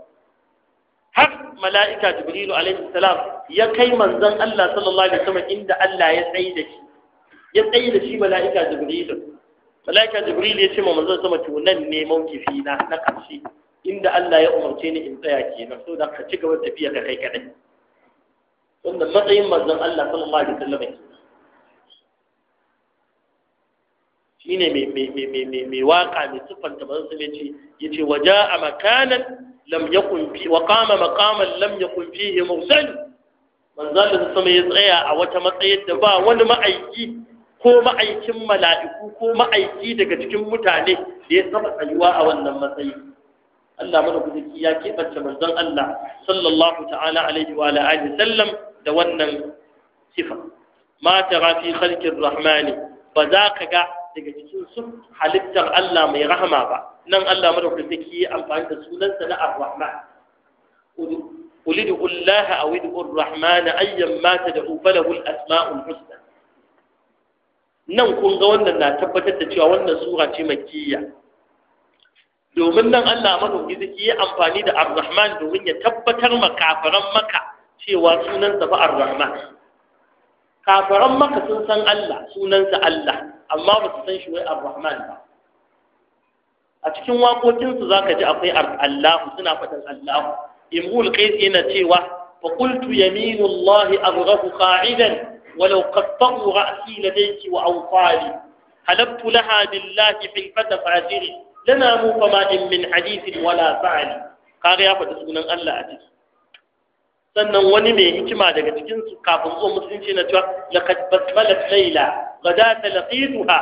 har mala'ika jibrilu alaihi salam ya kai manzon Allah sallallahu alaihi wasallam inda Allah ya tsayi da shi ya tsayi da shi mala'ika jibrilu malaika jibril ya ce ma manzon sama to nan ne mawkifi na na ƙarshe inda Allah ya umarce ni in tsaya kenan so da ka ci gaba da tafiya ka kai kadai wannan matsayin manzon Allah sallallahu alaihi wasallam shine mai mai mai mai mai waka mai siffanta manzon sun yace yace waja'a makanan lam yakun fi wa qama maqaman lam yakun fihi mursal da sama ya tsaya a wata matsayin da ba wani ma'aiki ko ma'aikin mala'iku ko ma'aiki daga cikin mutane da ya saba tsayuwa a wannan matsayi Allah mana madaukaki ya keɓance manzon Allah sallallahu ta'ala alaihi wa alihi sallam da wannan sifa ma tara fi khalqir rahmani ba za ka ga daga cikin su halittar Allah mai rahama ba nan Allah madaukakin sarki yi amfani da sunansa na Ar-Rahman قل ادعوا الله أو ادعوا الرحمن أيا ما تدعوا فله الأسماء الحسنى nan kun ga wannan na tabbatar da cewa wannan sura ce makkiya domin nan Allah madauki zaki yi amfani da Ar-Rahman domin ya tabbatar ma kafiran Makka cewa sunansa fa Ar-Rahman kafiran Makka sun san Allah sunansa Allah amma ba su san shi wai ar-rahman ba a cikin waƙoƙinsu za ka ji akwai Allah? suna faɗin allahu imrul qais yana cewa fa qultu yaminu allahi abghahu qa'idan walau qatta'u ra'si ladayki wa awqali halabtu laha billahi fil fata fajiri lana mu fama min hadithin wala sa'ali kaga ya fata sunan allah a ciki sannan wani mai hikima daga cikin su kafin zuwa musulunci na cewa laqad basmalat layla ghadata laqituha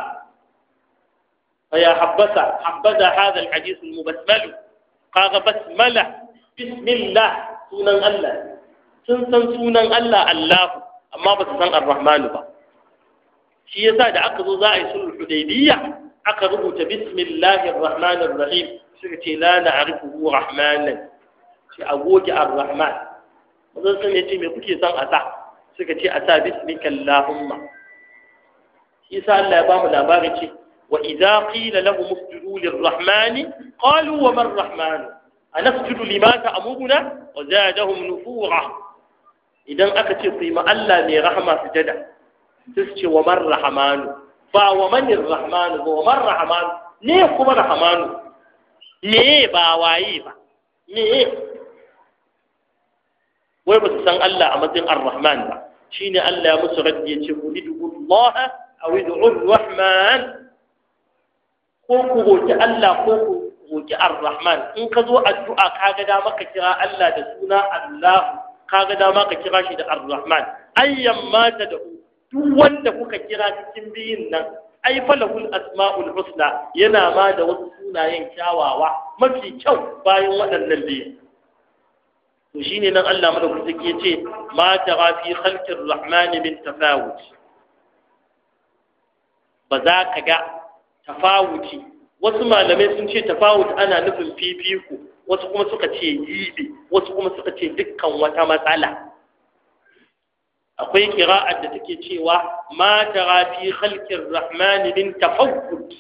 فيا حبذا حبذا هذا الحديث المبسمل قال بسملة بسم الله سنن الله سنسن سنن الله الله أما بسنن الرحمن با شيء يسا دا أقضو زائي سلو الحديبية أقربت بسم الله الرحمن الرحيم سكتي لا نعرفه رحمانا أبوك الرحمن zan san ya ce me kuke son a sa suka ce a sa bismika allahumma isa Allah ya ba mu labarin ce wa idza qila lahum usjudu lirrahmani qalu wa man rahman anasjudu lima ta ta'muruna wa zadahum nufura idan aka ce ku yi ma Allah mai rahama sujada sai ce wa man rahmanu ba wa man rahmanu ba wa man rahmanu ne kuma rahmanu ne ba waye ba ne wai ba su san Allah a matsayin ar-rahman ba shine Allah ya musu raddi yace ce ulidullaha aw ud'ur rahman ko ku roki Allah ko ku roki ar-rahman in ka zo addu'a kaga da maka kira Allah da suna Allah kaga da maka kira shi da ar-rahman ayyan ma da duk wanda kuka kira cikin biyin nan ai falahul asma'ul husna yana ma da wasu sunayen kyawawa mafi kyau bayan waɗannan biyu to shine nan Allah madaukaki yace ma tara fi khalqir rahman min tafawut ba za ka ga tafawuti wasu malamai sun ce tafawut ana nufin fifiko wasu kuma suka ce yibi wasu kuma suka ce dukkan wata matsala akwai kira'ar da take cewa ma tara fi khalqir rahman min tafawut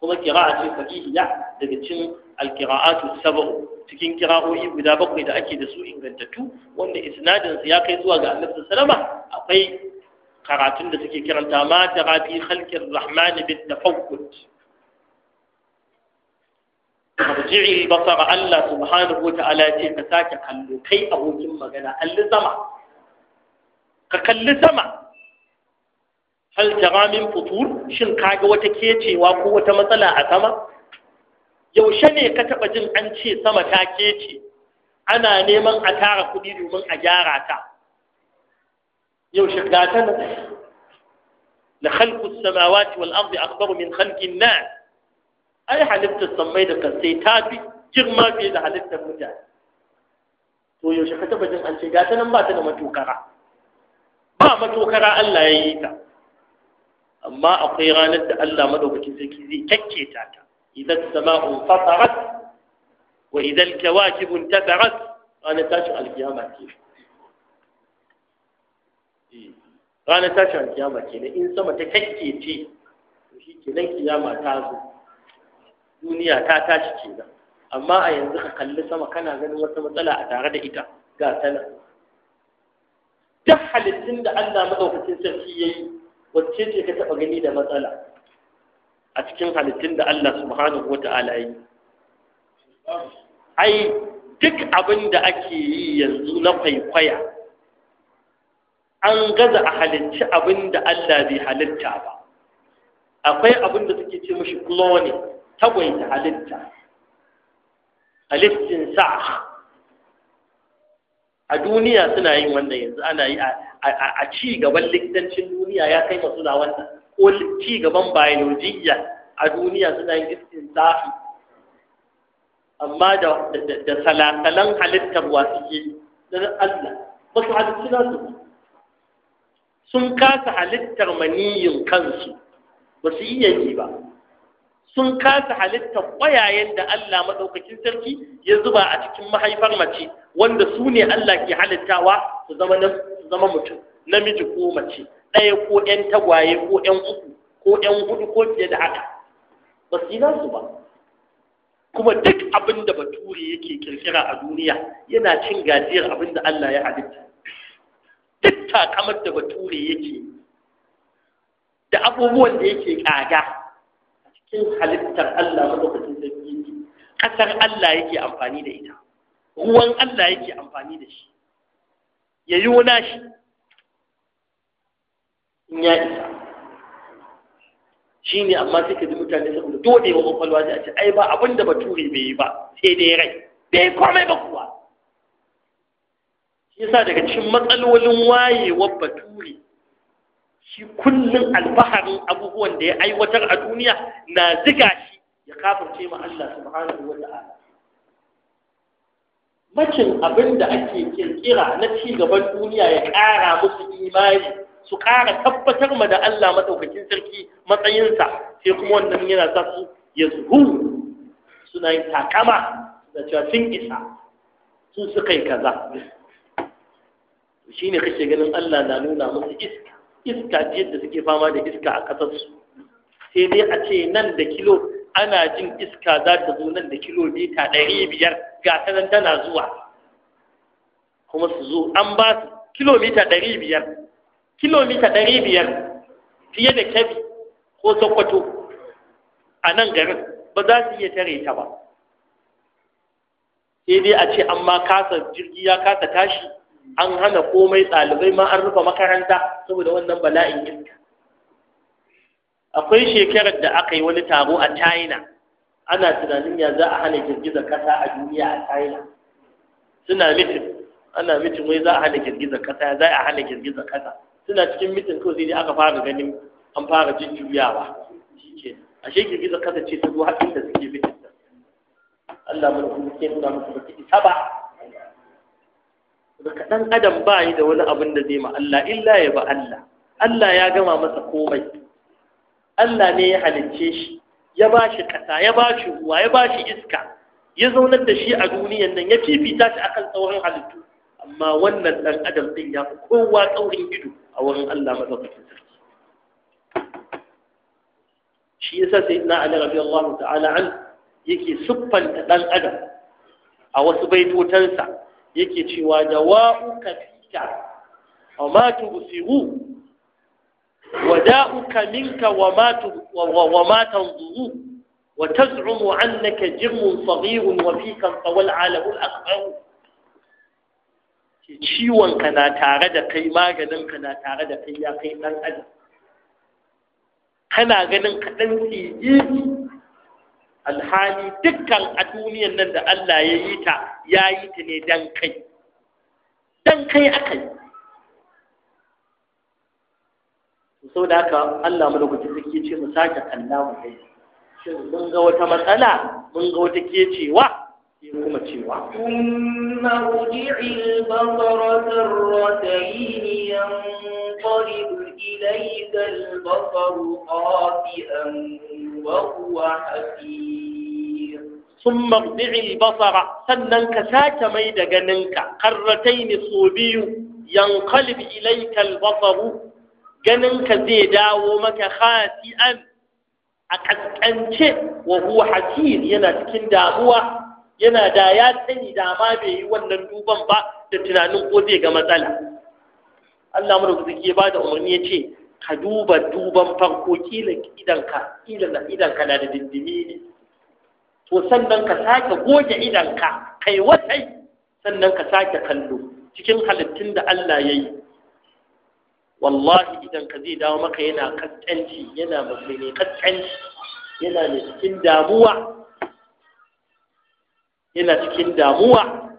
kuma kira'a ce faqihiya daga cikin alqira'atu sab'u cikin kira'o'i guda bakwai da ake da su ingantattu wanda isnadin ya kai zuwa ga annabi sallama akwai karatun da suke kiranta ma tara rafi khalqir rahmani bit tafakkut tarji'i basara Allah subhanahu wata'ala ce ka sake kallo kai abokin magana kalli sama ka kalli sama hal tara min futur shin kaga wata kecewa ko wata matsala a sama yaushe ne ka taɓa jin an ce sama ta ce? ana neman a tara kuɗi domin a gyara ta yaushe ga ta na nan halku samawa samawati wal a akbar min halkin na ai halittar sammai da sai ta fi girma fiye da halittar mutane to yaushe ka taɓa jin an ce ga ta nan ba ta da matokara ba matokara Allah ya yi ta amma akwai ranar da Allah madaukakin sarki zai kyakketa ta idan sama'u fatarat wa idan kawakib intafarat ranar tashin alkiyama ke ranar tashin alkiyama ke ne in sama ta kakkece to shi ke nan kiyama ta zo duniya ta tashi kenan amma a yanzu ka kalli sama kana ganin wata matsala a tare da ita ga sana duk halittun da Allah madaukakin sarki yi, wacce ce ka taɓa gani da matsala a cikin halittun da Allah subhanahu wa ta'ala yi ai duk abin da ake yi yanzu na kwaikwaya an gaza a halicci abin da Allah bai halitta ba akwai abin da suke ce mashi tagwai tagwaita halitta halittin sa'a a duniya suna yin wannan yanzu ana yi a ci gaban likitancin duniya ya kai masu na wannan ko ci gaban biologiya a duniya suna yin zafi, amma da da salasalan halittar wasu yi da Allah ba su halittu na su sun kasa halittar maniyin kansu ba su iya yi ba sun kasa halittar ƙwayayen da Allah maɗaukakin sarki ya zuba a cikin mahaifar mace wanda su ne Allah ke halittawa su zama mutum namiji ko mace ɗaya ko ‘yan tagwaye ko ‘yan uku ko ‘yan hudu ko fiye da haka ba su yi nasu ba kuma duk abin da bature yake kirkira a duniya yana cin gajiyar abin da Allah ya halitta duk takamar da bature yake da abubuwan da yake ƙaga a cikin halittar Allah madaukakin sarki yake ƙasar Allah yake amfani da ita ruwan Allah yake amfani da shi ya yi wuna shi in ya isa shi ne amma sai ka ji mutane kuma dole wa kwakwalwa sai a ce ai ba abin da bature bai yi ba sai dai rai bai komai ba kuwa yasa daga cikin matsalolin wayewar bature shi kullum alfaharin abubuwan da ya aiwatar a duniya na ziga shi ya kafirce ma Allah subhanahu wa ta'ala macin abin da ake kirkira na cigaban duniya ya ƙara musu imani su ƙara tabbatar ma da Allah maɗaukakin sarki matsayinsa sai kuma wannan yana sa su ya zuhu suna yin takama da cewa sun isa sun suka yi kaza shi ne kashe ganin Allah na nuna musu iska iska ce yadda suke fama da iska a ƙasarsu sai dai a ce nan da kilo ana jin iska za ta zo nan da kilo mita ɗari biyar ga ta nan tana zuwa kuma su zo an ba su kilomita ɗari biyar kilomita ɗari biyar fiye da kyabi ko sokoto a nan garin ba za su iya tare ta ba sai dai a ce an ma kasa jirgi ya kasa tashi an hana komai ɗalibai ma an rufe makaranta saboda wannan bala'in iska akwai shekarar da aka yi wani taro a china ana tunanin ya za a hana girgizar kasa a duniya a china suna mitin ana mitin wai za a hana girgizar kasa za a hana girgizar kasa suna cikin mitin kawai sai dai aka fara ganin an fara jujjuyawa shike ashe gizo kasa ce ta zo haɗin da suke mitin Allah mun kuma ke nuna musu ba isa ba daga kaɗan adam ba yi da wani abin da zai ma Allah illa ya ba Allah Allah ya gama masa komai Allah ne ya halicce shi ya ba shi ƙasa ya ba shi ruwa ya ba shi iska ya zaunar da shi a duniyan nan ya fifita shi akan tsawon halittu amma wannan ɗan adam ɗin ya fi kowa tsaurin ido أو من ألا مذوقك الزكي شيء سيدنا علي رضي الله تعالى عنه يكي سبا لدن أدم أو سبيت وتنسى يكي تشوى دواءك فيك وما تبصره وداءك منك وما وما تنظره وتزعم عنك جرم صغير وفيك انطوى العالم الأكبر ciwon ka na tare da kai maganin ka na tare da kai ya kai dan adam kana ganin ka dan tsiji alhali dukkan a duniyan nan da Allah ya yi ta ya yi ta ne dan kai dan kai aka yi sau da haka Allah mu madaukakin sarki ce mu sake kalla mu kai shin mun ga wata matsala mun ga wata kecewa kuma cewa kuma ruji'i al-basara sarratayn yanqalib ilayka al-basaru qati'an wa huwa hasir thumma ruji'i al-basara sannan ka sake mai da ganinka karratayn so biyu yanqalib ilayka al-basaru ganinka zai dawo maka khati'an a kaskance wa huwa hasir yana cikin damuwa yana da ya sani da ma bai yi wannan duban ba da tunanin ko zai ga matsala Allah mu da ke ba umarni ya ce ka duba duban farko kila idanka kila idanka na da dindimi ne to sannan ka sake goge idanka kai watai sannan ka sake kallo cikin halittun da Allah ya yi wallahi idan ka zai dawo maka yana kaskanci yana mai kaskanci yana da cikin damuwa yana cikin damuwa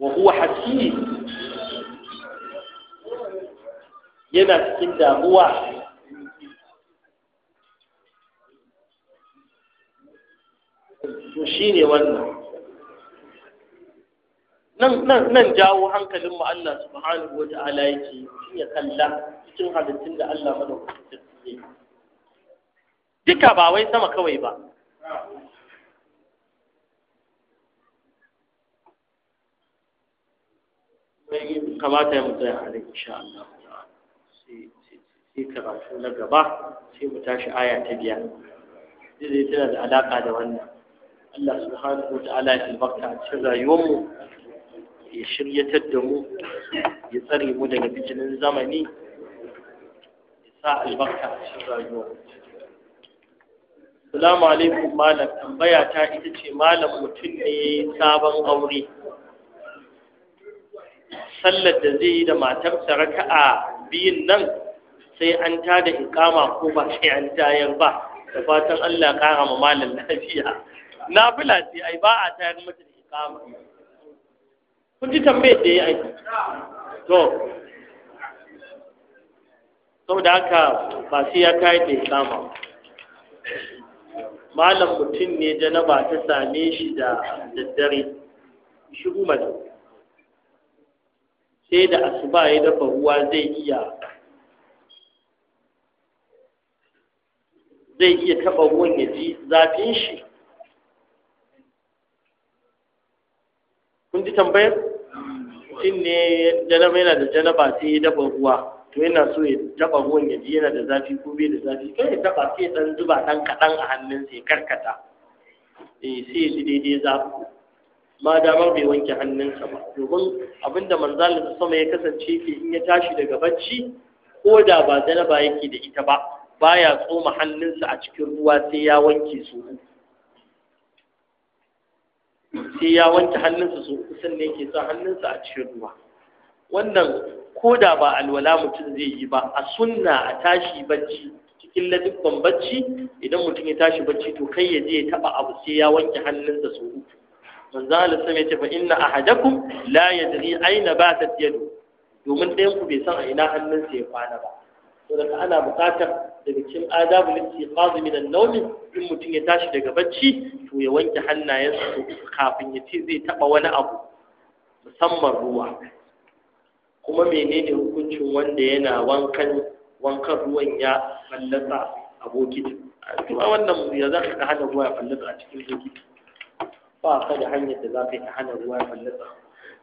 wa huwa hasib yana cikin damuwa to shine wannan nan nan nan jawo hankalin mu Allah subhanahu wata'ala yake ya kalla cikin halittun da Allah madaukakin sarki duka ba wai sama kawai ba kamata ya mutu a nan insha Allah sai karatu na gaba sai mu tashi aya ta biyar zai tana da alaƙa da wannan Allah subhanahu wa ta'ala ya albarka a cikin rayuwarmu ya shiryatar da mu ya tsare mu daga bijinin zamani ya sa albarka a cikin rayuwarmu Salamu alaikum malam tambaya ta ita ce malam mutum ne sabon aure sallar da zai yi da matarsa raka'a biyun nan sai an da ikama ko ba sai an tayar ba da fatan Allah kara ma malam lafiya nafila sai ai ba a tayar mata da ikama kun ji tambaye da ya yi to saboda haka ba sai ya tayar da ikama malam mutum ne janaba ta same shi da daddare shi mata sai da asuba ya dafa ruwa zai iya zai iya taɓa ruwan ya ji zafin shi kun ji tambayar Tun ne janaba yana da janaba sai ya dafa ruwa to yana so ya taɓa ruwan ya ji yana da zafi ko bai da zafi kai ya taɓa sai ya ɗan zuba ɗan kaɗan a hannun ya karkata eh, sai ya ji daidai zafi ma damar bai wanke hannunsa ba domin abinda manzalin da sama ya kasance ke in ya tashi daga bacci ko da ba zanaba yake da ita ba baya tsoma hannunsa a cikin ruwa sai ya wanke su sai ya wanke hannunsa su kusan ne yake sa hannunsa a cikin ruwa wannan ko da ba alwala mutum zai yi ba a sunna a tashi bacci cikin ladubban bacci idan mutum ya tashi bacci to kai ya je ya taba abu sai ya wanke hannunsa su uku manzan Allah sai ya fa inna ahadakum la yadri aina ta yadu domin ɗayan ku bai san a ina hannun ya kwana ba daga ana buƙatar daga cikin adabu istiqaz min an-nawm in mutum ya tashi daga bacci to ya wanke hannayensa kafin ya ci zai taba wani abu musamman ruwa kuma menene hukuncin wanda yana wankan wankan ruwan ya fallasa a bokiti wannan ya zaka ka hana ruwa ya fallasa a cikin bokiti ba ka da hanyar da za ka yi ta hana ruwa ya fallasa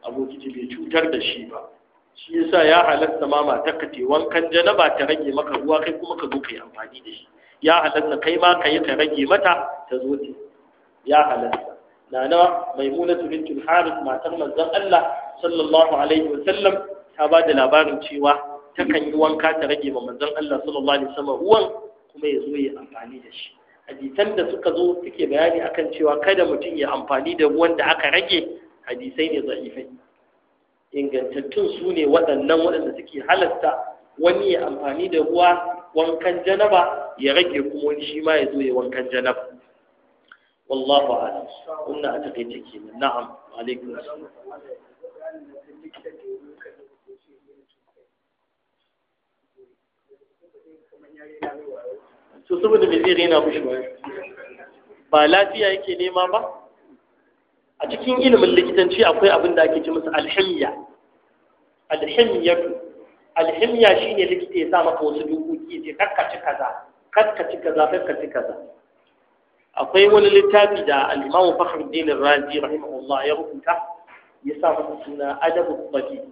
abokiji bai cutar da shi ba shi yasa ya halatta ma ka te wankan ba ta rage maka ruwa kai kuma ka zo ka yi amfani da shi ya halatta kai ma ka yi ka rage mata ta zo te ya halatta nana maimuna bintul harith matar manzon Allah sallallahu alaihi wa sallam ta ba da labarin cewa takan yi wanka ta rage ma manzon Allah sallallahu alaihi wa sallam ruwan kuma ya zo ya amfani da shi hadisan da suka zo suke bayani akan cewa kada mutum ya amfani da ruwan da aka rage hadisai ne za'ifai ingantattun su ne waɗannan waɗanda suke halasta wani ya amfani da ruwa wankan janaba ya rage kuma wani shi ma ya zo ya wankan janaba wallahu a'lam kunna a takaice kenan na'am alaikum assalam Thank you. su su da bai rena mushi ba ba lafiya yake nema ba a cikin ilimin likitanci akwai abin da ake ci musu alhimya alhimya alhimya shine likita ya sa maka wasu dokoki ce kakkaci kaza kakkaci kaza kakkaci kaza akwai wani littafi da al-Imam Fakhruddin Razi rahimahullah ya rubuta ya sa masa suna Adabu Tabib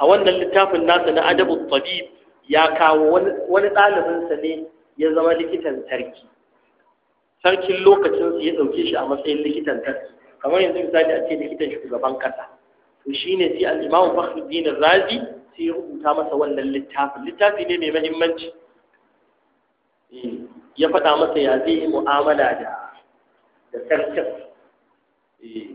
a wannan littafin nasa na Adabu Tabib ya kawo wani ɗalibinsa ne ya zama likitan sarki. sarkin lokacinsu ya ɗauke shi a matsayin likitan tarki kamar yanzu misali a ce likitan shugaban ƙasa to ne sai al'imamu imam Razi sai ya rubuta masa wannan littafin littafi ne mai mahimmanci eh, ya faɗa masa ya zai yi mu'amala da da sarkin eh,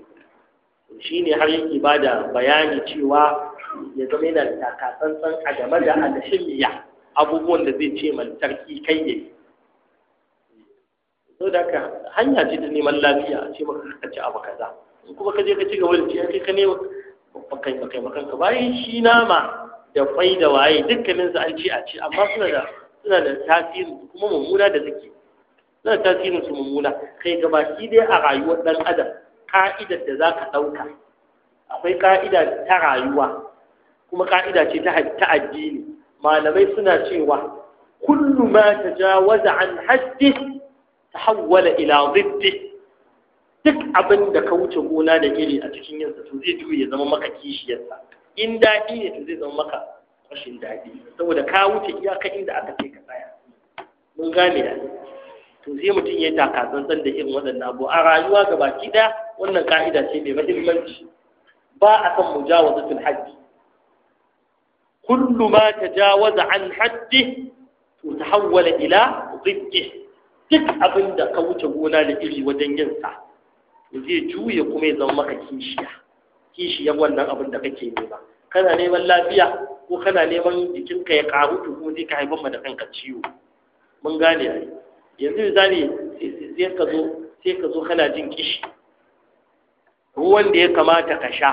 shi ne har yake ba da bayani cewa ya zama yana da takatsantsan a game da alhimiya abubuwan da zai ce "Tarki, kai ne so da ka hanya ce ta neman lafiya a ce maka ka ci abu kaza in kuma ka je ka ci gaba da ci kai ka ne bakai bakai bakanka bayan shi nama da kwai da waye dukkanin su an ci a ci amma suna da suna da tasiri kuma mummuna da suke suna da tasirin su mummuna kai gabaki dai a rayuwar dan adam ka'idar da za ka ɗauka akwai ka'ida ta rayuwa kuma ka'ida ce ta addini malamai suna cewa kullu ma tajawaza an haddi tahawwala ila ziddi duk abin da ka wuce gona da iri a cikin yansa to zai juye ya zama maka kishiyarsa in daɗi ne to zai zama maka rashin daɗi saboda ka wuce iyaka inda aka kai ka tsaya mun gane da to sai mutum ya taka tsantsan da irin waɗannan abu a rayuwa gaba ɗaya wannan ka'ida ce mai mahimmanci ba a san mujawazatul hajji kullu ma tajawaza an haddi to tahawwala ila zikki duk abin da ka wuce gona da iri wajen yin sa zai juye kuma ya zama maka kishiya kishiyar wannan abin da kake nema kana neman lafiya ko kana neman jikinka ya karu to kuma zai ka haifar ma da kanka ciwo mun gane ai yanzu misali sai ka zo sai ka zo kana jin kishi ruwan da ya kamata ka sha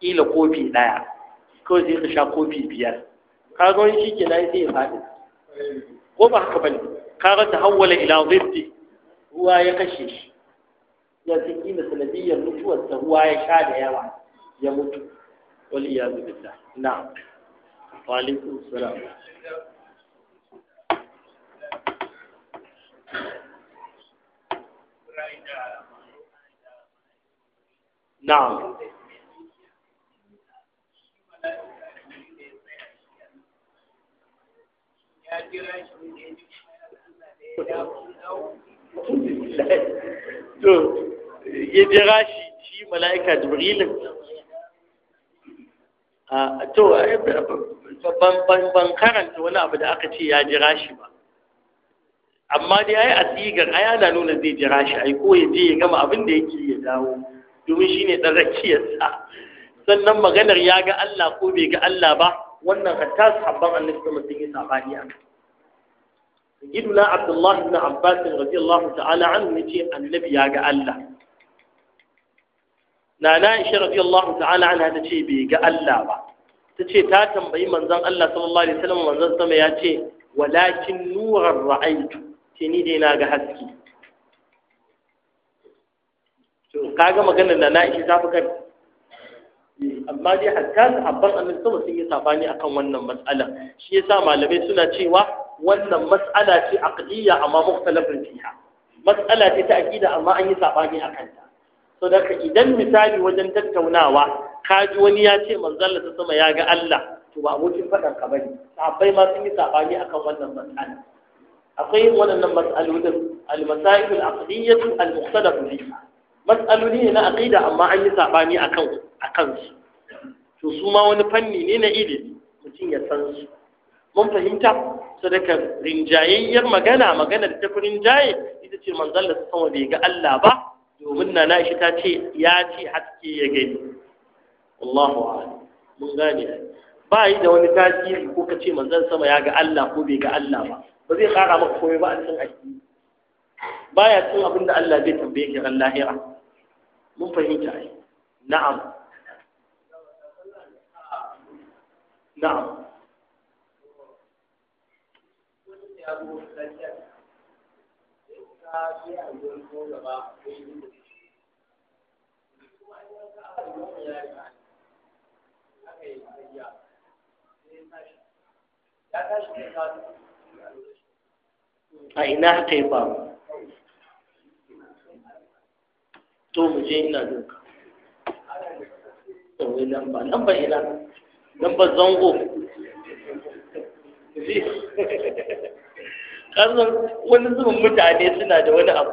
kila kofi daya kawai sai ka sha kofi biyar ka ga wani shi ke nan sai ya faɗi ko ba haka bane ka ga tahawwala ila zibti ruwa ya kashe shi ya fi kila sanadiyyar mutuwar ta ruwa ya sha da yawa ya mutu wal iyadu billah na'am wa alaikum salam نعم to ya jira shi shi mala'ika jibrilin a to ban karanta wani abu da aka ce ya jira shi ba amma dai ai a tsigar ai ana nuna zai jira shi ai ko ya ya gama abin da yake ya dawo domin shine dan rakiyarsa sannan maganar ya ga Allah ko bai ga Allah ba wannan hatta sahabban annabi sun yi sabani kai Gidula abdullahi na abbas radiyallahu ta'ala anhu yace annabi ya ga Allah nana Isha radiyallahu ta'ala anha ce bai ga Allah ba ta ce ta tambayi manzan Allah sallallahu alaihi wasallam manzan sama ya ce walakin nuran ra'aitu ce ni dai na ga haske to kaga magana da na ishi ta kai amma dai hatta sahabban annabi sama sun yi sabani akan wannan matsala shi yasa malamai suna cewa wannan mas'ala ce aqdiyya amma mukhtalafin fiha mas'ala ce ta aqida amma an yi sabani akan ta so daga idan misali wajen tattaunawa ka ji wani ya ce manzalla ta sama ya ga Allah to ba abokin faɗan ka bane sahabbai ma sun yi sabani akan wannan mas'ala akwai wannan mas'alolin al-masail al-aqdiyyah al-mukhtalaf fiha mas'aloli ne na aqida amma an yi sabani akan akan su to su ma wani fanni ne na ilimi mutum ya san su mun fahimta sadaka rinjayayyar magana magana da tafi rinjaye ita ce manzon da sama bai ga Allah ba domin na shi ta ce ya ce haske ya gani Allahu a'lam mun gane ba yi da wani tasiri ko ka ce manzon sama ya ga Allah ko bai ga Allah ba ba zai kara maka komai ba a cikin addini baya cin abin da Allah zai tambaye ki ran lahira mun fahimta ai na'am na'am a ina haka yi faru to mu je ina doka tsawai lamba lamba ina lamba zango ƙarnar wani zubin mutane suna da wani abu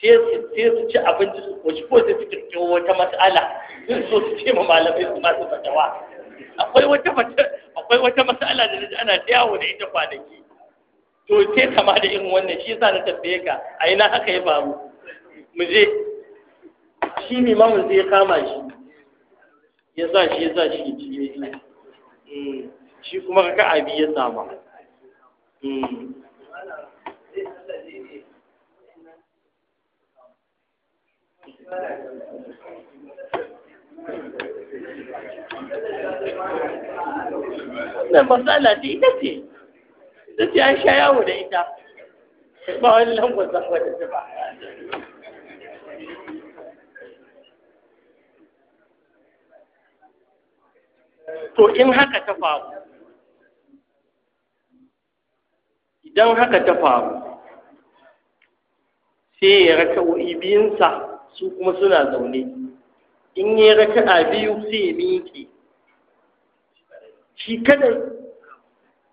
sai su ci abinci su koci ko sai su kirkiro wata matsala so su ce ma malamai su masu fatawa akwai wata akwai wata matsala da naji ana ta yawo da ita kwanaki to sai kama da irin wannan shi yasa na tambaye ka a ina haka ya faru mu je shi mun zai kama shi ya sa shi ya sa shi ya ci eh, shi kuma ka abi ya sama eh. wannan matsala ce ita ce ita ce an sha yawo da ita ba wani lambun zama da ta ba to in haka ta faru idan haka ta faru sai ya raka wa'ibiyinsa su kuma suna zaune in yi a biyu sai ya miƙe shi kadai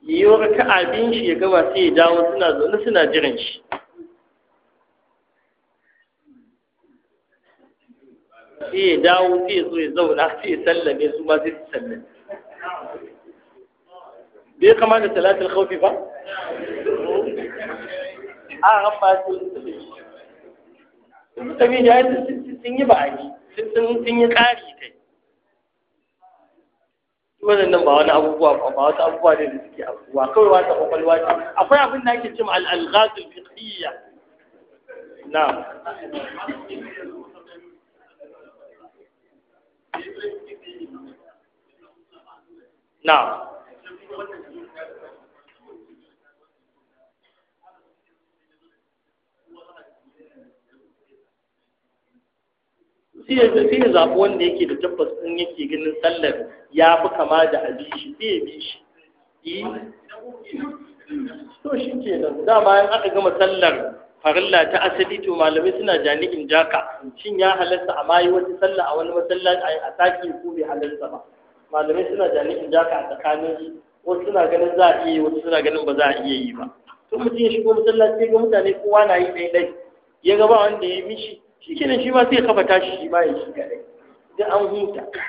ya yi a biyun shi ya gaba sai ya dawo suna zaune suna jiran shi sai ya dawo sai ya zo ya zauna sai ya sallame su ma sai su sallame bai kama da talatul khawfi ba a ba su in sabili ya sun yi ba'adi sun yi tsari kai waɗannan ba wani abubuwa ba ba wasu abubuwa ne da suke abubuwa kawai wata kwakwalwa ce akwai abin da ake cin al'alghazul fiqhiyya na na sai ya zaɓi wanda yake da tabbas ɗin yake ganin sallar ya fi kama da abin shi sai ya bi shi eh. to shi ke nan dama yin aka gama sallar farilla ta asali to malamai suna jani'in jaka shin ya halarta a mayi wata sallah a wani masallaci a sake ko bai halarta ba malamai suna jani'in jaka a tsakanin wasu suna ganin za a iya yi wasu suna ganin ba za a iya yi ba to mutum ya shigo masallaci ga mutane kowa na yi ɗaiɗai ya ga ba wanda ya yi mishi shi kenan shi ma sai kafa tashi shi ma ya shi kadai Idan an huta da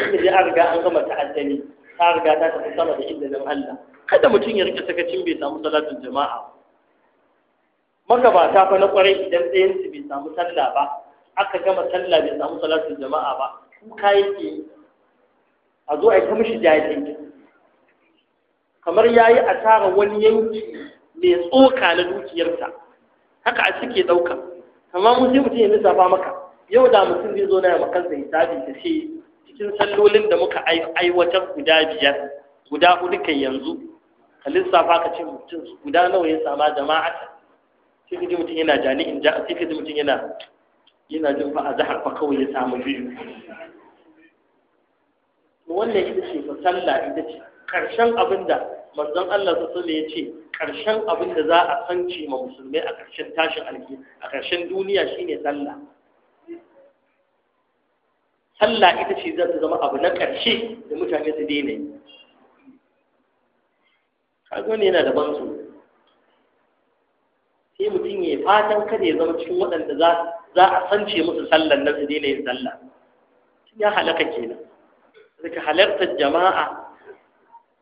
an riga an gama ta'addani ta riga ta tafi sama da izinin Allah kada mutum ya rike sakacin bai samu salatin jama'a magabata fa na kwarai idan ɗayan su bai samu sallah ba aka gama sallah bai samu salatin jama'a ba kuka yake a zo a yi ta mishi jahilin kamar ya yi asara wani yanki mai tsoka na dukiyarsa haka a suke ɗauka amma mun sai mutum ya lissafa maka yau da mutum zai zo na yamma kansa hisabi ta ce cikin sallolin da muka aiwatar guda biyar guda hudu kai yanzu ka lissafa ka ce mutum guda nawa ya sama jama'a sai ka ji mutum yana jani in ja sai ka ji mutum yana yana jin fa zahar fa kawai ya samu biyu wannan ita ce fa sallah ita ce karshen da. manzon Allah sallallahu ya ce ƙarshen abin da za a sanci ma musulmai a ƙarshen tashin alki a ƙarshen duniya shine sallah sallah ita ce za ta zama abu na ƙarshe da mutane su daina yi kaga ne yana da ban sai mutum ya fatan kada ya zama cikin waɗanda za a sance musu sallan nan su daina yin sallah ya halaka kenan daga halartar jama'a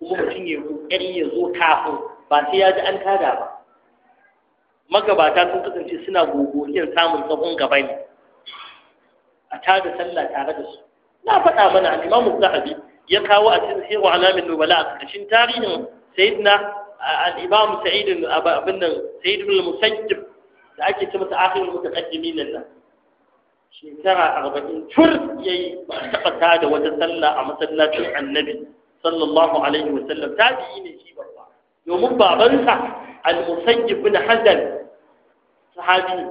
kuma mutum ya ƙoƙari ya zo kafin ba sai ya ji an tada ba magabata sun kasance suna gogogin samun tsohon gaba ne a tada sallah tare da su na faɗa mana al-imamu zahabi ya kawo a cikin sirru alamin nubala a ƙarƙashin tarihin sayyidina al-imam sa'id abin nan sa'id ibn musajjib da ake ce masa akhirul mutaqaddimin nan shekara arba'in tur yayi ba taɓa tada wata sallah a masallacin annabi sallallahu alaihi wa sallam tabi'i ne shi babba domin babansa al-musayyib bin hazan sahabi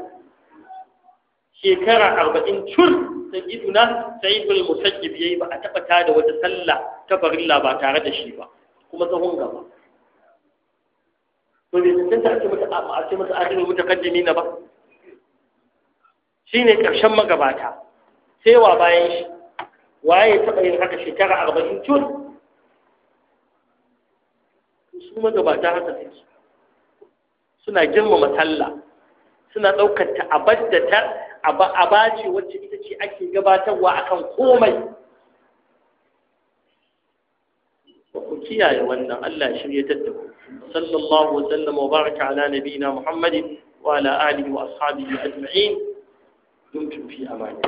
shekara arba'in cur sayyiduna sayyid al-musayyib yayi ba a taba da wata sallah ta barilla ba tare da shi ba kuma tsohon gaba to bai tantance ta ce mata a ce mata akhiru mutakaddimina ba shine karshen magabata sai wa bayan shi waye taɓa yin haka shekara arba'in cun su magabata haka suke suna girmama sallah suna ɗaukar ta abad da ta aba ce wacce ita ce ake gabatarwa akan komai ku kiyaye wannan Allah shirye ta da sallallahu wa sallama wa baraka ala nabiyina Muhammadin wa ala alihi wa ashabihi ajma'in dumtum fi amani